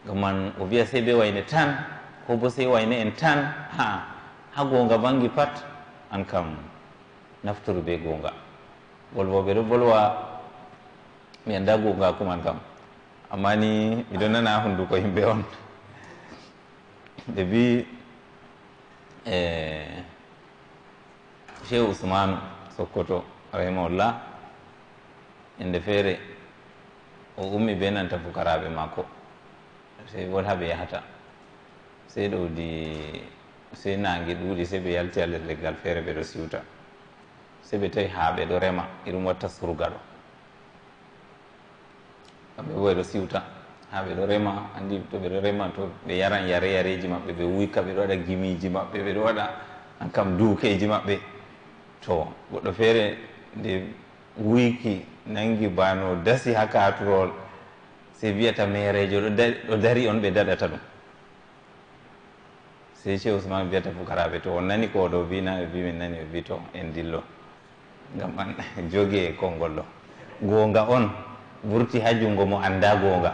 ngam man o wiya sey ɓe wayne tan ko bo sey wayno en tan ha ha gonga bangi pat an kam naftoru be gonga bolwoɓe ɗo bolwa mi anda gonga kuman kam amma ni miɗo nana hunduko yimɓe on [laughs] ɓe bi e chekh usmanu sokkoto rahimahullah ende feere o ummi be nanta fukaraɓe makko sei wol haɓe yahata sey ɗowdi sey nangue ɗuuɗi sey ɓe yalti aller leggal feere ɓeɗo siwta sey ɓe tawi ha ɓeɗo rema irum watta surga ɗo kamɓe bo ɓeɗo siwta ha ɓeɗo rema andi to ɓeɗo rema to ɓe yaran yare yareji maɓɓe ɓe wuyka ɓeɗo waɗa gimiji maɓɓe ɓeɗo waɗa an kam dukeji maɓɓe to goɗɗo feere nde wuyki nangi bano dasi ha katurol sey wiyata merejo ɗo dari on ɓe daɗata ɗum seche usmane biyata fukaraɓe to on nani ko ɗo wina wimin nani o wi to en dillo ngam an [laughs] jogi e on burti ha junngo mo anda gonga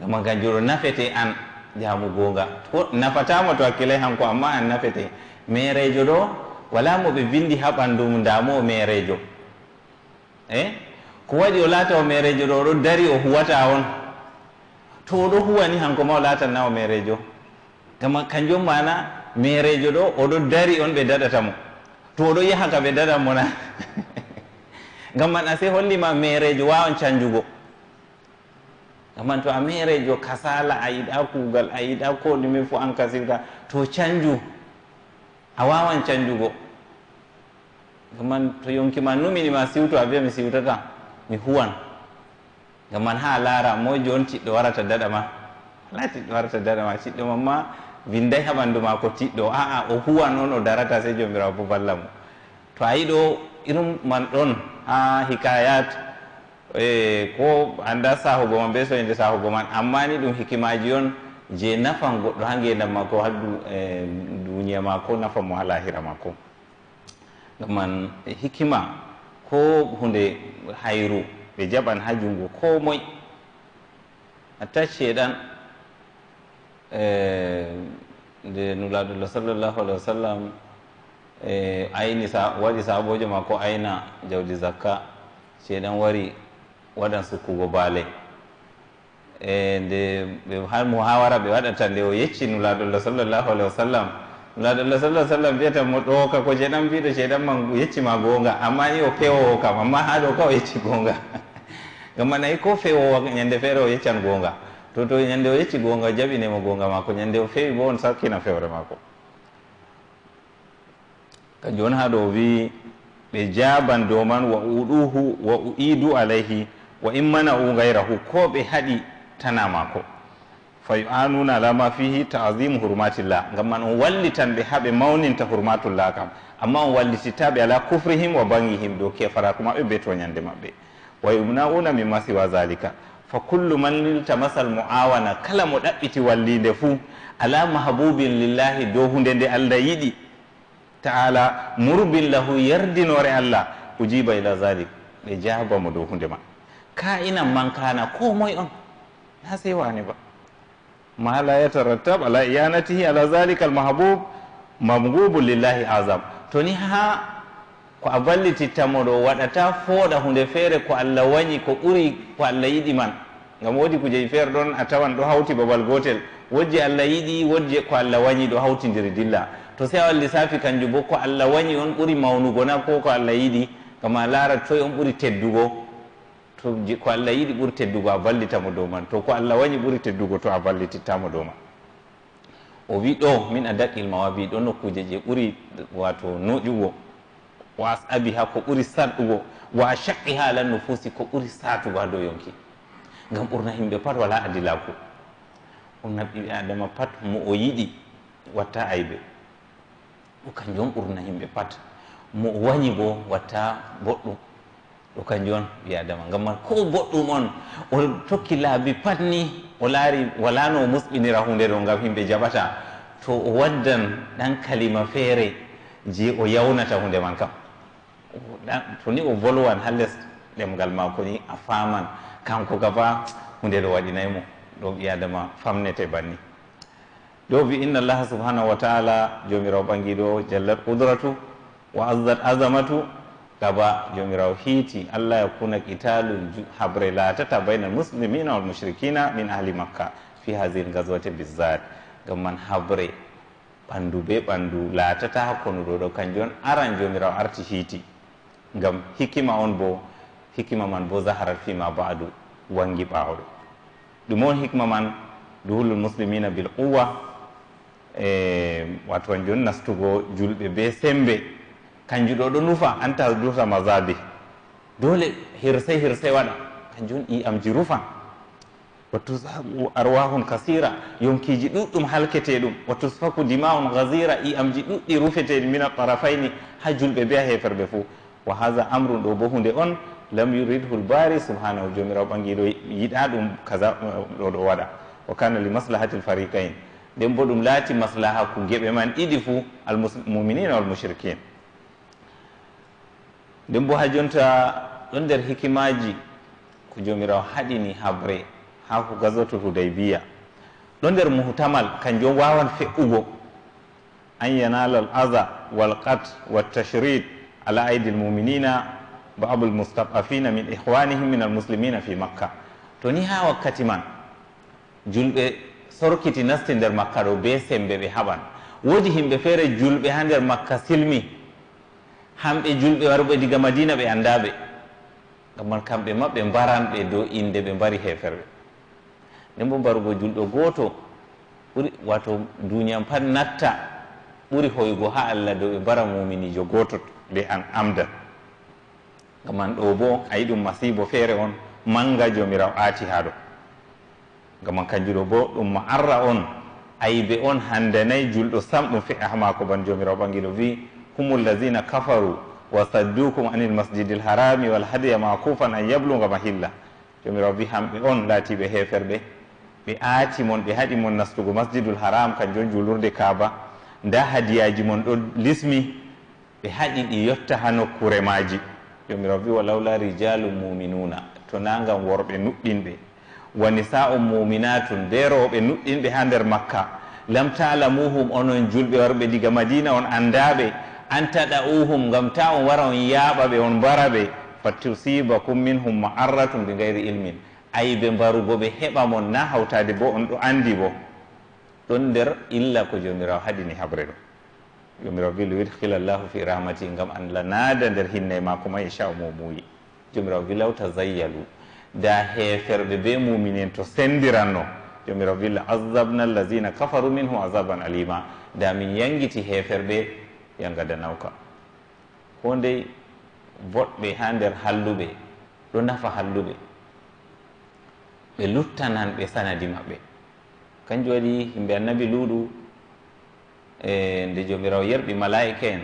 ngama kanjum nafete an jaamu goonga nafatamo to hakkilay hanko amma an nafete merejo ɗo wala mo ɓe vindi ha ɓanndu mu o merejo e ko waɗi o laata o merejo ɗo oɗo dari o huwata on to oɗo huwani hanko ma o laatan na o merejo kama kanjum mana merejo ɗo oɗo dari on ɓe daɗata mo to oɗo yaha ka ɓe daɗa mo na [laughs] gam man ase hollima merejo wawan canjugo gamman to a merejo kasala a yiɗa kugal a yiɗa koɗumi fo an kasirka to canju a wawan canjugo gamman to yonkima numinima siwto a wiyami siwtata mi huwan gamman ha lara moy joni tiɗɗo warata daɗa ma ala tiɗɗo warata daɗa ma tiɗɗo mamma windayha ɓanduma ko tiɗɗo a a o huwa noon o darata se jomirawo boballa mum to a yiɗo irum man ɗon ha hikayat e ko anda sahugo man ɓe soyde sahugo man amma ni ɗum hikimaji on je nafan goɗɗo ha ngendan makko haddu e duniya makko nafan mo ha lahira makko ɗum man hikima ko hunde hayru ɓe jaɓan ha jungo ko moy attacce ɗan e nde nulaaɗullo sallllahu alah wa sallam e eh, ayni sa waɗi saabojo ma ko ayna jawdi zakka ceeɗan wari waɗan sukkugo baale e nde ɓe hamo ha wara ɓe waɗata nde o yecci nulaaɗullo sallllahu alah wa sallam nulaaɗullo sall sallam mbiyata mo ɗooka ko ceeɗan mbiɗo ceeɗan ma yeccima goonga amma i o pewowo kam amma haa ɗo ka o yecci goonga [laughs] ngam ma nayi ko fewowo ñannde feere o yeccan goonga toto nyande o yecci gonga jaɓinemo goonga maako ñannde o feewi bo on sakkina fewre maako kanjum on haa ɗo o wi ɓe jaaban dow man wa uɗuhu wa uidu alayhi wa immana u gayrahu ko ɓe haɗi tana maako fa yu'anuna alama fihi taadimu hurmatillah ngam man on wallitan ɓe haa ɓe mawninta hurmatullah kam amma on wallitita ɓe ala kufrihim wa bangihim dow kefaraku maɓɓe be to ñannde maɓɓe wa yumna'una min masiwa zalika fa kullu man iltamasa muawana kala mu dabbiti wallide fu, ala mahbubin lillahi do hunde de allah yiɗi taala murbin lahu yardinore allah ujiba ila zalik jaba mu do hunde ma ka ina man kana ko moy on na sai wani ba ma la yatarattab ala iyanatihi ala zalikal mahbub mamgubul lillahi azam to ni ha ko a ballititamo ɗo waɗata fooɗa hunde feere ko allah wañi ko ɓuri ko allah yiɗi man ngam woodi kujeji feere ɗon a tawan ɗo hawti babal gootel wodje allah yiɗi wodje ko allah wañi ɗo hawtidiri dilla to se a wallisaafi kanjum bo ko allah wañi on ɓuri mawnugo na ko ko allah yiɗi ngam a laara toye on ɓuri teddugo to ko allah yiɗi ɓuri teddugo a ballitamo dow man to ko allah wañi ɓuri teddugo to a ballititamo dow man o wi ɗo min a daqilma wa bi ɗo nokkuje je ɓuri wato noƴugo wa asabi ha ko ɓuri sarɗugo wa shaqi ha lan nofusi ko ɓuri satugo ha dow yonki ngam ɓurna yimɓe pat wala adilako onnaɓi adama pat mo o yiɗi watta ayɓe ɗo kanjum ɓurna yimɓe pat mo o wañi bo watta boɗɗum ɗo kanjum on wi adama ngam man ko boɗɗum on o tokki laabi pat ni o laari walano o musɓinira hunde ɗo ngam yimɓe jaɓata to o waddan ɗan kalima feere je o yawnata hunde man kam to ni o volwan ha les ɗemgal mako ni a faman kanko ga ba hunde ɗo waɗinay mo ɗo ɓiyadama famnete banni ɗo wi inna allaha subhanahu wa taala jomirawo ɓangiɗo jallat qudratu wa azat azamatu gaba jomirawo hiiti allah yakuna kitalu habre latata bayna almuslimina walmushrikina min ahli makka fi hasil gazwate bizat gam man habre ɓandu be ɓandu latata hakkonuɗo ɗo kanjum on aran jomirawo arti hiiti ngam hikima on bo hikima man bo zaharat fima badu wangi ɓaawɗo ɗum on hikima man duhulul muslimina bil quwa e wato on joni nastugo julɓe be sembe kanju ɗo ɗo nufa anta duta mazabi dole hirse hirse waɗa kanju i ƴiyamji rufan wa tusabu arwahun kasira yonkiji ɗuɗɗum halkete ɗum wa tusfaku dimaun gasira ƴiyamji ɗuɗɗi rufeteɗi mina tarafaini ha julɓe be ha heferɓe fuu wa haha amrun ɗo bo hunde on lam yuridhu lbari subhanahu jomirawo ɓangiɗo yiɗa ɗum kasa ɗo ɗo waɗa wa kana li maslahati lfariqain nden bo ɗum laati maslaha ko gueɓe man ɗiɗi fou almuminina walmushrikin nden bo ha jonta ɗon nder hikimaji ko jomirawo haɗini habre ha ko gazatu hudaybiya ɗo nder muhtamal kanjo wawan fe ugo an yanala al aza wal qat wa tashrid ala aidi lmuminina baabu lmustadafina min ihwanihim min almuslimina fi makka to ni ha wakkati man julɓe sorkiti nasti nder makka ɗo be sembe ɓe haɓan woodi himɓe feere julɓe ha nder makka silmi hamɓe julɓe waruɓe diga madina ɓe anndaɓe gam man kamɓe maɓɓe mbaranɓe dow inde ɓe mbari heferɓe nden bo mbarugo julɗo gooto ɓuri wato duniyam pat natta ɓuri hoygo ha allah dow ɓe mbara muminijo gooto to be an amda gaman ɗo bo a yi ɗum masibo feere on manga jomirawo aati haa ɗo gaman kanjuɗo bo ɗum ma arra on ayibe on handanayi julɗo sam ɗum fe'a ha maako ban joomirawo ɓangilo wi humu llazina kafaru wa saddukum anil masjidi l harami wal hadiya makufan an yabluga mahilla joomirawo wi hamɓe on laatiɓe heferɓe ɓe aati mon ɓe haɗi mon nastugo masjidul haram kanjon julurde kaaba nda hadiyaji mon ɗo lismi ɓe haɗi ɗi yotta ha nokkure maji jomirao wi walawla rijalu muminuna to nagam worɓe nuɗɗinɓe wa nisau muminatun nde rooɓe nuɗɗinɓe ha nder makka lam talamuhum onon julɓe warɓe diga madina on andaɓe antaɗa uhum gam ta on wara on yaaɓa ɓe on mbara ɓe fatusiba kum minhum maarratum bi gayri ilmin ayibe mbarugo ɓe heɓa mon na hawtade bo on ɗo andi bo ɗon nder illa ko jomirawo haɗini habre ɗo jomirawo villa wudkila llahu fi rahmati gam allah naada nder hinne makko ma echa o mo muuyi jomirawo villa o tazayyalu da heeferde be muminen to sendiranno jomirawo villa azabna allahina kafaru minhum azaban alima da min yangiti heeferde yangada nawka ko ndey boɗɓe ha nder halluɓe ɗo nafa halluɓe ɓe luttananɓe sanadi maɓɓe kanjum waɗi yimɓe annabi luuɗu e nde joomiraw yerɓi malaika en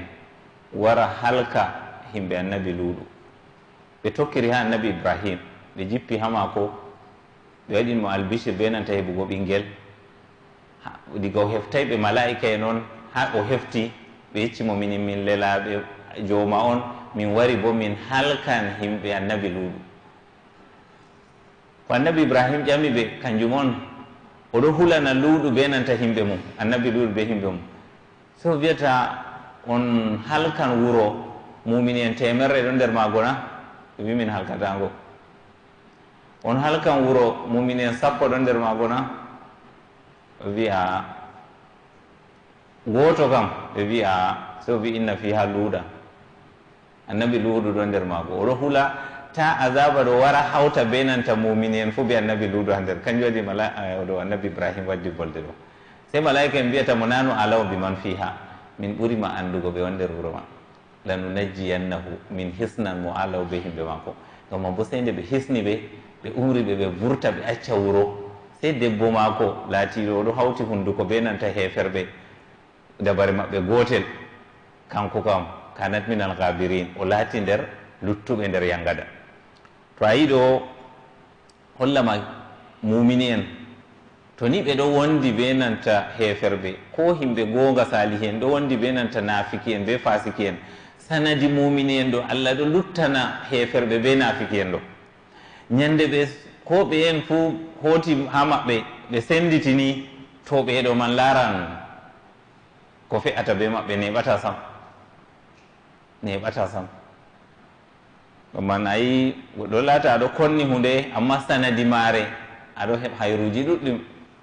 wara halka himɓe annabi luuɗo ɓe tokkiri ha annabi ibrahima ɓe jippi ha maako ɓe waɗinmo albicre be nanta heɓugo ɓinngel diga o heftay ɓe malaika e noon ha o hefti ɓe yeccimo minin min lelaɓe jooma on min wari bo min halkan himɓe annabi luuɗo ko annabi ibrahim ƴami ɓe kanjum on oɗo hulana luuɗu be nanta himɓe mum annabi luuɗu be himɓe mum so wiyata on halkan wuro mumini en temerre ɗo nder magona wimin halkatango on halkan wuro mumini en sappo ɗo nder magona wiya woto kam ɓe wiya so wi inna fiha luuɗa annabi luuɗu ɗo nder maago oɗo hula ta azaba ɗo wara hawta be nanta mumini en fo bi annabi luuɗu ha nder kanjum waɗi mala eh, ɗo annabi ibrahima waddi bolde ɗo sey malayika en mbiyata mo nanu alawo biman fiha min ɓurima anndugo ɓe wonder wuro ma lanu najjiyannahu min hisnan mo alawo be himɓe makko gamma bo sey nde ɓe hisni ɓe ɓe umri ɓe ɓe vurta ɓe acca wuro sey debbo maako laatiɗo oɗo hawti hunnduko be nanta heferɓe dabare maɓɓe gootel kanko kam kanat minal gabirin o laati nder luttuɓe nder yangada to a yiɗo hollama mumini en to ni ɓe ɗo wondi be nanta heferɓe ko himɓe gonga salihi en ɗo wondi be nanta nafiki en be fasiki en sanadi mumini en ɗo allah ɗo luttana heferɓe be nafiki en ɗo ñande ɓe ko ɓe en fuu hooti ha maɓɓe ɓe senditini to ɓeeɗo man laran ko fe'ata be maɓɓe neɓata sam neɓata sam ɗoman ayi ɗo laata aɗo konni hunde amma sanadi maare aɗo heɓ hayruji ɗuɗɗum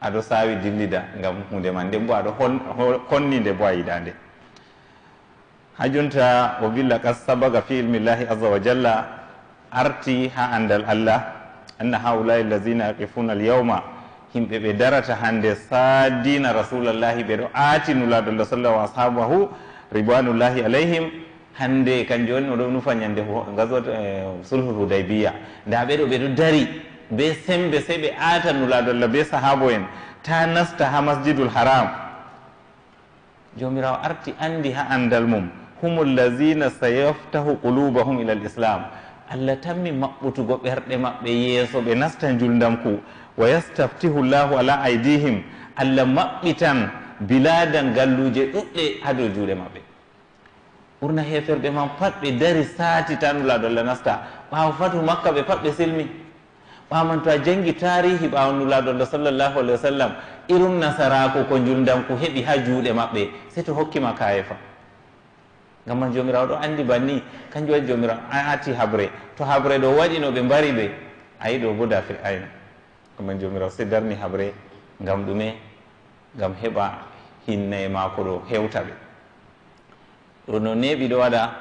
aɗo sawi dillida gam hunde ma nden bo aɗo honninde bo a yiɗa nde ha junta o billa ka sabaga fi ilmillahi aza wa jalla arti ha andal allah anna haulai llazina yaqifuna alyawma yimɓe ɓe darata hande saddina rasulllahi ɓeɗo aati nulaɗoallah sallahu ashabahu ridwanullahi alayhim hande kanjum woni oɗo nufa ñande gasot eh, sulhul hudaybiya nda ɓeɗo ɓeɗo dari be sembe sey ɓe aata nulaaɗo allah be sahaabo en ta nasta haa masjidul haram joomiraawo arti anndi haa anndal mum humu llazina sayaftahu qulubahum ila l islam allah tammi maɓɓutugo ɓerɗe maɓɓe yeeso ɓe nasta njuldamku wa yastaftihu llahu ala aidihim allah maɓɓitan bilada ngalluuje ɗuɗɗe haa dow juuɗe maɓɓe ɓurna heeferɓe man pat ɓe dari saati ta nulaaɗo allah nasta ɓaawo fatu makka ɓe pat ɓe silmi ɓaman to a jangi tarihi ɓawanulaɗo ɗo sallllahu alih wa sallam irum nasaraku ko jundanku heɓi ha juuɗe maɓɓe sey to hokkima kayefa gam man jomirawo ɗo andi banni kanjum waɗi jomirawo a ati habre to habre ɗo waɗi no ɓe mbari ɓe ayi ɗo bodafe ayno ko man jomirawo sey darni habre gam ɗume gam heɓa hinna e mako ɗo hewta ɓe ɗo no neeɓi ɗo waɗa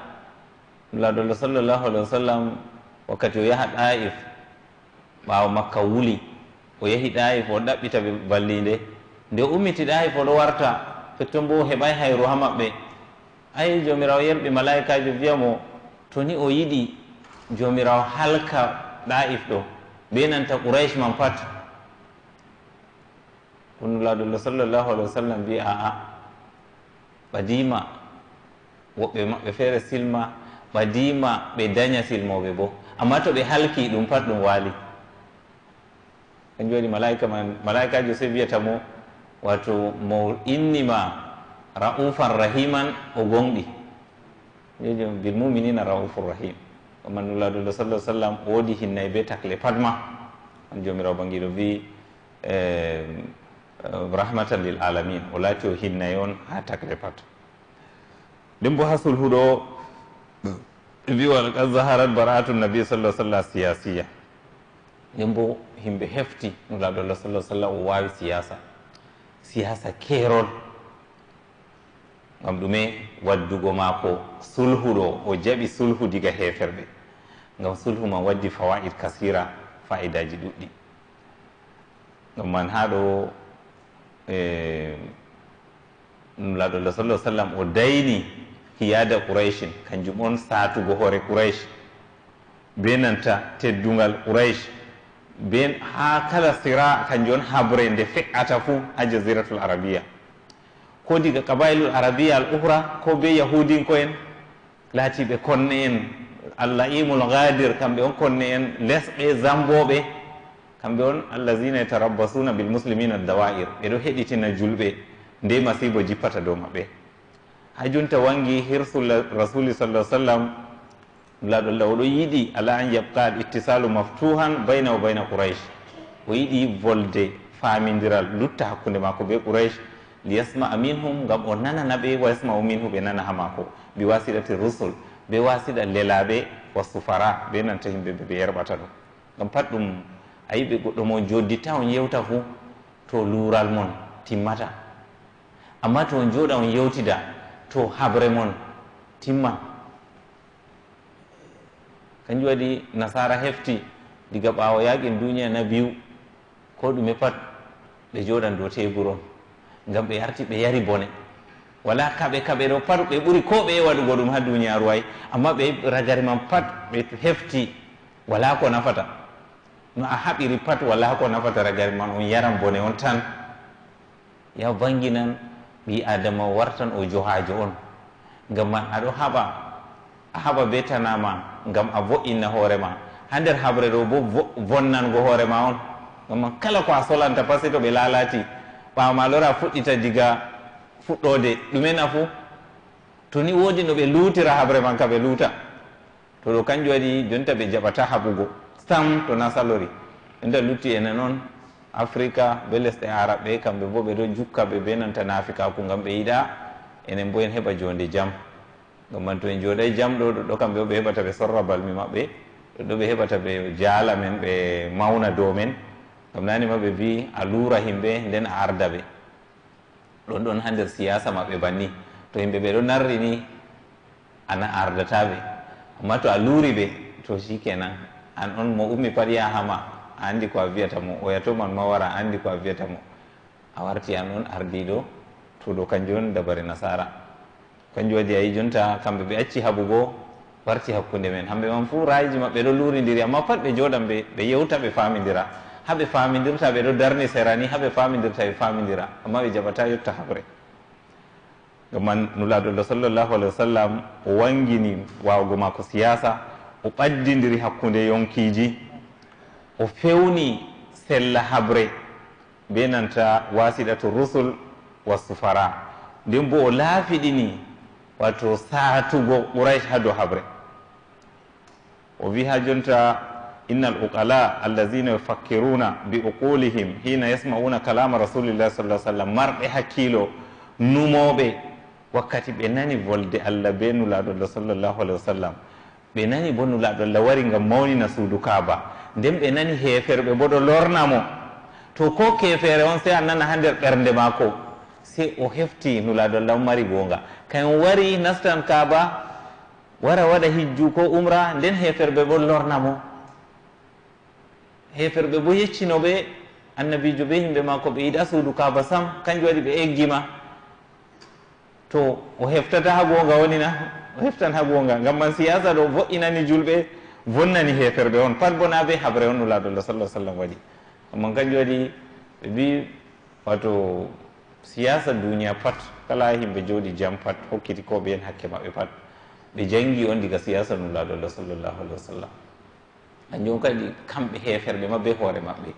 laɗollah sallllahu alih wa sallam wakkati o yaha ɗaif ɓaawo makka wuli o yahi ɗaayi fo o ɗaɓɓita ɓe balliinde nde ummiti ɗaayi fo ɗo warta totton boo heɓay hayru ha maɓɓe ay joomiraawo yerɓe malayikaajo wiya mo to ni o yiɗi joomiraawo halka ɗaif ɗo bee nanta qouraych man pat kunulaadullah sallllahu alih wa sallam mbiya aa ɓadiima woɓɓe maɓɓe feere silma ɓadiima ɓe daña silmooɓe boo amma to ɓe halkii ɗum pat ɗum waali kanjum waɗi malaika man malaikajo sey wiyata mo wato mo innima raufan rahiman o gonɗi jeji bil muminina raufu rahim o mannulladullah salah sallam o woodi hinnay be takle pat ma on jomirawo bangiɗo wi rahmatan lil alamin o laati o hinnay on ha takle pat nden bo ha sulhuɗo o wi wa kad zaharat baraatu nabi sallah sallah siyasiya nden bo yimɓe hefti no laaɗo allah sallah sallam o waawi siyasa siyasa keerol ngam ɗume waddugo maako sulhuɗo o jaɓi sulhu diga heeferɓe ngam sulhu ma waddi fawaid kasira faidaji ɗuɗɗi ɗum man haa ɗo e, laaɗo allah sallah sallam o dayni hiyada quraychin kanjum on saatugo hoore quraych be nanta teddungal quraych ben ha kala sira kanjo on habre nde fe'ata fuu ha jaziratul arabia ko diga kabailul arabia al ohra ko be yahudinko en laatiɓe konne en allah imul gadir kamɓe on konne en lesɓe zamboɓe kamɓe on allahina yetarabbasuna bilmuslimina dawair ɓeɗo heɗitina julɓe nde masibo jippata dow maɓɓe ha junta wangi hirsu rasuli sallah sallam laaɗo llah oɗo yiɗi ala an yabqal ittisalu maftuhan bayna o bayna qouraish o yiɗi volde famidiral lutta hakkude makko ɓe qouraish li yasma a minhum gam o nananaɓe wa yasma o minhu ɓe nana ha mako ɓe wasiɗate rusul ɓe wasiɗa lelaɓe wa sufara ɓe nanta yimɓeɓe ɓe yerɓata ɗum gam pat ɗum a yiɓe goɗɗo mo jodditta on yewta fu to luural mon timmata amma to on jooɗa on yewtida to habre mon timman kanjum waɗi nasara hefti diga ɓawo yaaqin duniya nabiyu ko ɗume pat ɓe jooɗan dow teeburo ngam ɓe yarti ɓe yari bone wala kaɓe kaɓe ɗo pat ɓe ɓuri ko ɓe waɗugo ɗum ha duniyaru way amma ɓe ragari man pat ɓe hefti wala ko nafata no a haɓiri pat wala ko nafata ragari man on yaran bone on tan ya banginan ɓi adama wartan o johaajo on ngam man aɗo haɓa a haɓa be tanama gam a vo'inna hoorema ha nder habre ɗo bo vonnango hoorema on gama kala ko a solanta par ce que to ɓe laalati ɓawma lora fuɗɗita diga fuɗɗode ɗumena fo to ni woodi no ɓe luutira habre man ka ɓe luuta to ɗo kanjum waɗi jonta ɓe jaɓata haɓugo sam to nasalori jonta lutti ene noon africa be lesɗe arab ɓe kamɓe bo ɓe ɗo jukkaɓe be nanta naafikaku gam ɓe yiɗa enen bo en heɓa jonde jam gam man to en jooɗay jam ɗo ɗoɗo kamɓe o ɓe heɓata ɓe sorra balmi maɓɓe ɗoɗo ɓe heɓata ɓe jaala men ɓe mawna dow men gam nani ma ɓe mbi a luura himɓe nden a arda ɓe ɗon ɗon ha nder siyasa maɓɓe banni to yimɓe ɓe ɗo narri ni ana ardata ɓe amma to a luuri ɓe to sikenan an on mo ummi pat ya hama a anndi ko a wiyata mo o yatoman ma wara a anndi ko a wiyata mo a warti an on ardiɗo to ɗo kanjum on dabare nasara kanjum waɗi ayi jonta kamɓe ɓe acci haɓugo warti hakkunde men hamɓe man fou rayiji maɓɓe ɗo lurindiri amma pat ɓe jooɗan ɓe ɓe yewta ɓe famidira haɓe famidirta ɓe ɗo darni sera ni haɓe famidirta ɓe famidira amma ɓe jaɓata yotta haɓre gam man nulaɗollo sallllahu alah wa sallam o wangini wawgo mako siyasa o ɓaddidiri hakkunde yonkiji o fewni sella haɓre be nanta wasiɗa to rusul wa sufara nden bo o laafiɗini wato satugo quraish ha dow habre o wi ha jonta inna al uqala allazina yufakkiruna bi uqulihim hina yasmauna kalama rasulillahi sal lah sallam marɓe hakkilo numoɓe wakkati ɓe nani volde allah be nulaɗo allah sallllahu alah wa sallam ɓe nani bo nulaɗo allah wari gam mawnina suudu kaba nden ɓe nani heferɓe bo ɗo lornamo to ko kefere on sey a nana ha nder ɓernde mako se o hefti nulaɗo lammari gonga kayen wari nastan kaba wara waɗa hijju ko umra nden heferɓe bo lornamo heferɓe bo yeccinoɓe annabijo ɓe yimɓe makko ɓe yiɗa suudu kaba sam kanjum waɗi ɓe egguima to o heftata ha gonga wonina o heftan ha gonga gam man siyasa ɗo vo'inani julɓe vonnani heferɓe on pat bo naɓe habre on nulaɗo lah sallah sallam waɗi ɗumman kanjum waɗi ɓe mbi wato siyasa duniat pat kala yimɓe jooɗi jam pat hokkitikoɓe hen hakke maɓɓe pat ɓe janggi on diga siyasa nulaɗolla sallllahu alih wa sallam kanjum kadi kamɓe heferɓe mabɓe hoore maɓɓe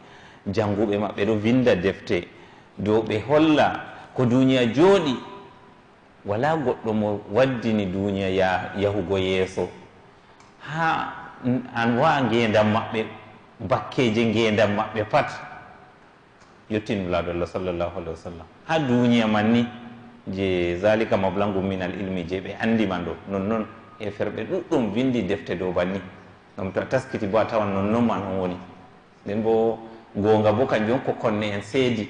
janguɓe maɓɓe ɗo vinda defte dow ɓe holla ko duniat jooɗi wala goɗɗo mo waddini duniat ya yahugo yeeso ha an wa ngendam maɓɓe bakkeji ngendam maɓɓe pat yettinulaɗolla sallllahu alih wa sallam ha duuñiya man ni je zalika mablangu min al ilmi je ɓe andiman ɗo nonnoon e ferɓe ɗuɗɗum vindi defte dow banni ɗum to a taskiti bo a tawan nonnoon man on woni nden bo goonga bo kanjon ko konne en seedi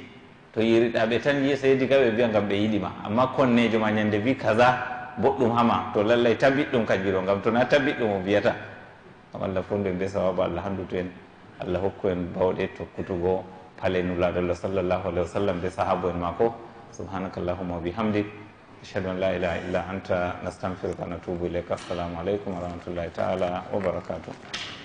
to yiriɗaɓe tan yi seedi ka ɓe mbiya ngam ɓe yiɗima amma konnejo ma ñande wi kaza boɗɗum hama to lallay tabit ɗum kanji ɗo ngam tona tabit ɗum o mbiyata gam allah fo nde be sawaba allah handutu en allah hokku en bawɗe tokkutugo falenula ɗo lo sallllahu alayhi wa sallam ɓe sahaba en maako subhanakallahuma wa bihamdik ashhadu an la ilaha illa anta nastanfiruka natubu ileyka assalamu alaikum wa rahmatullahi taala wa barakatu.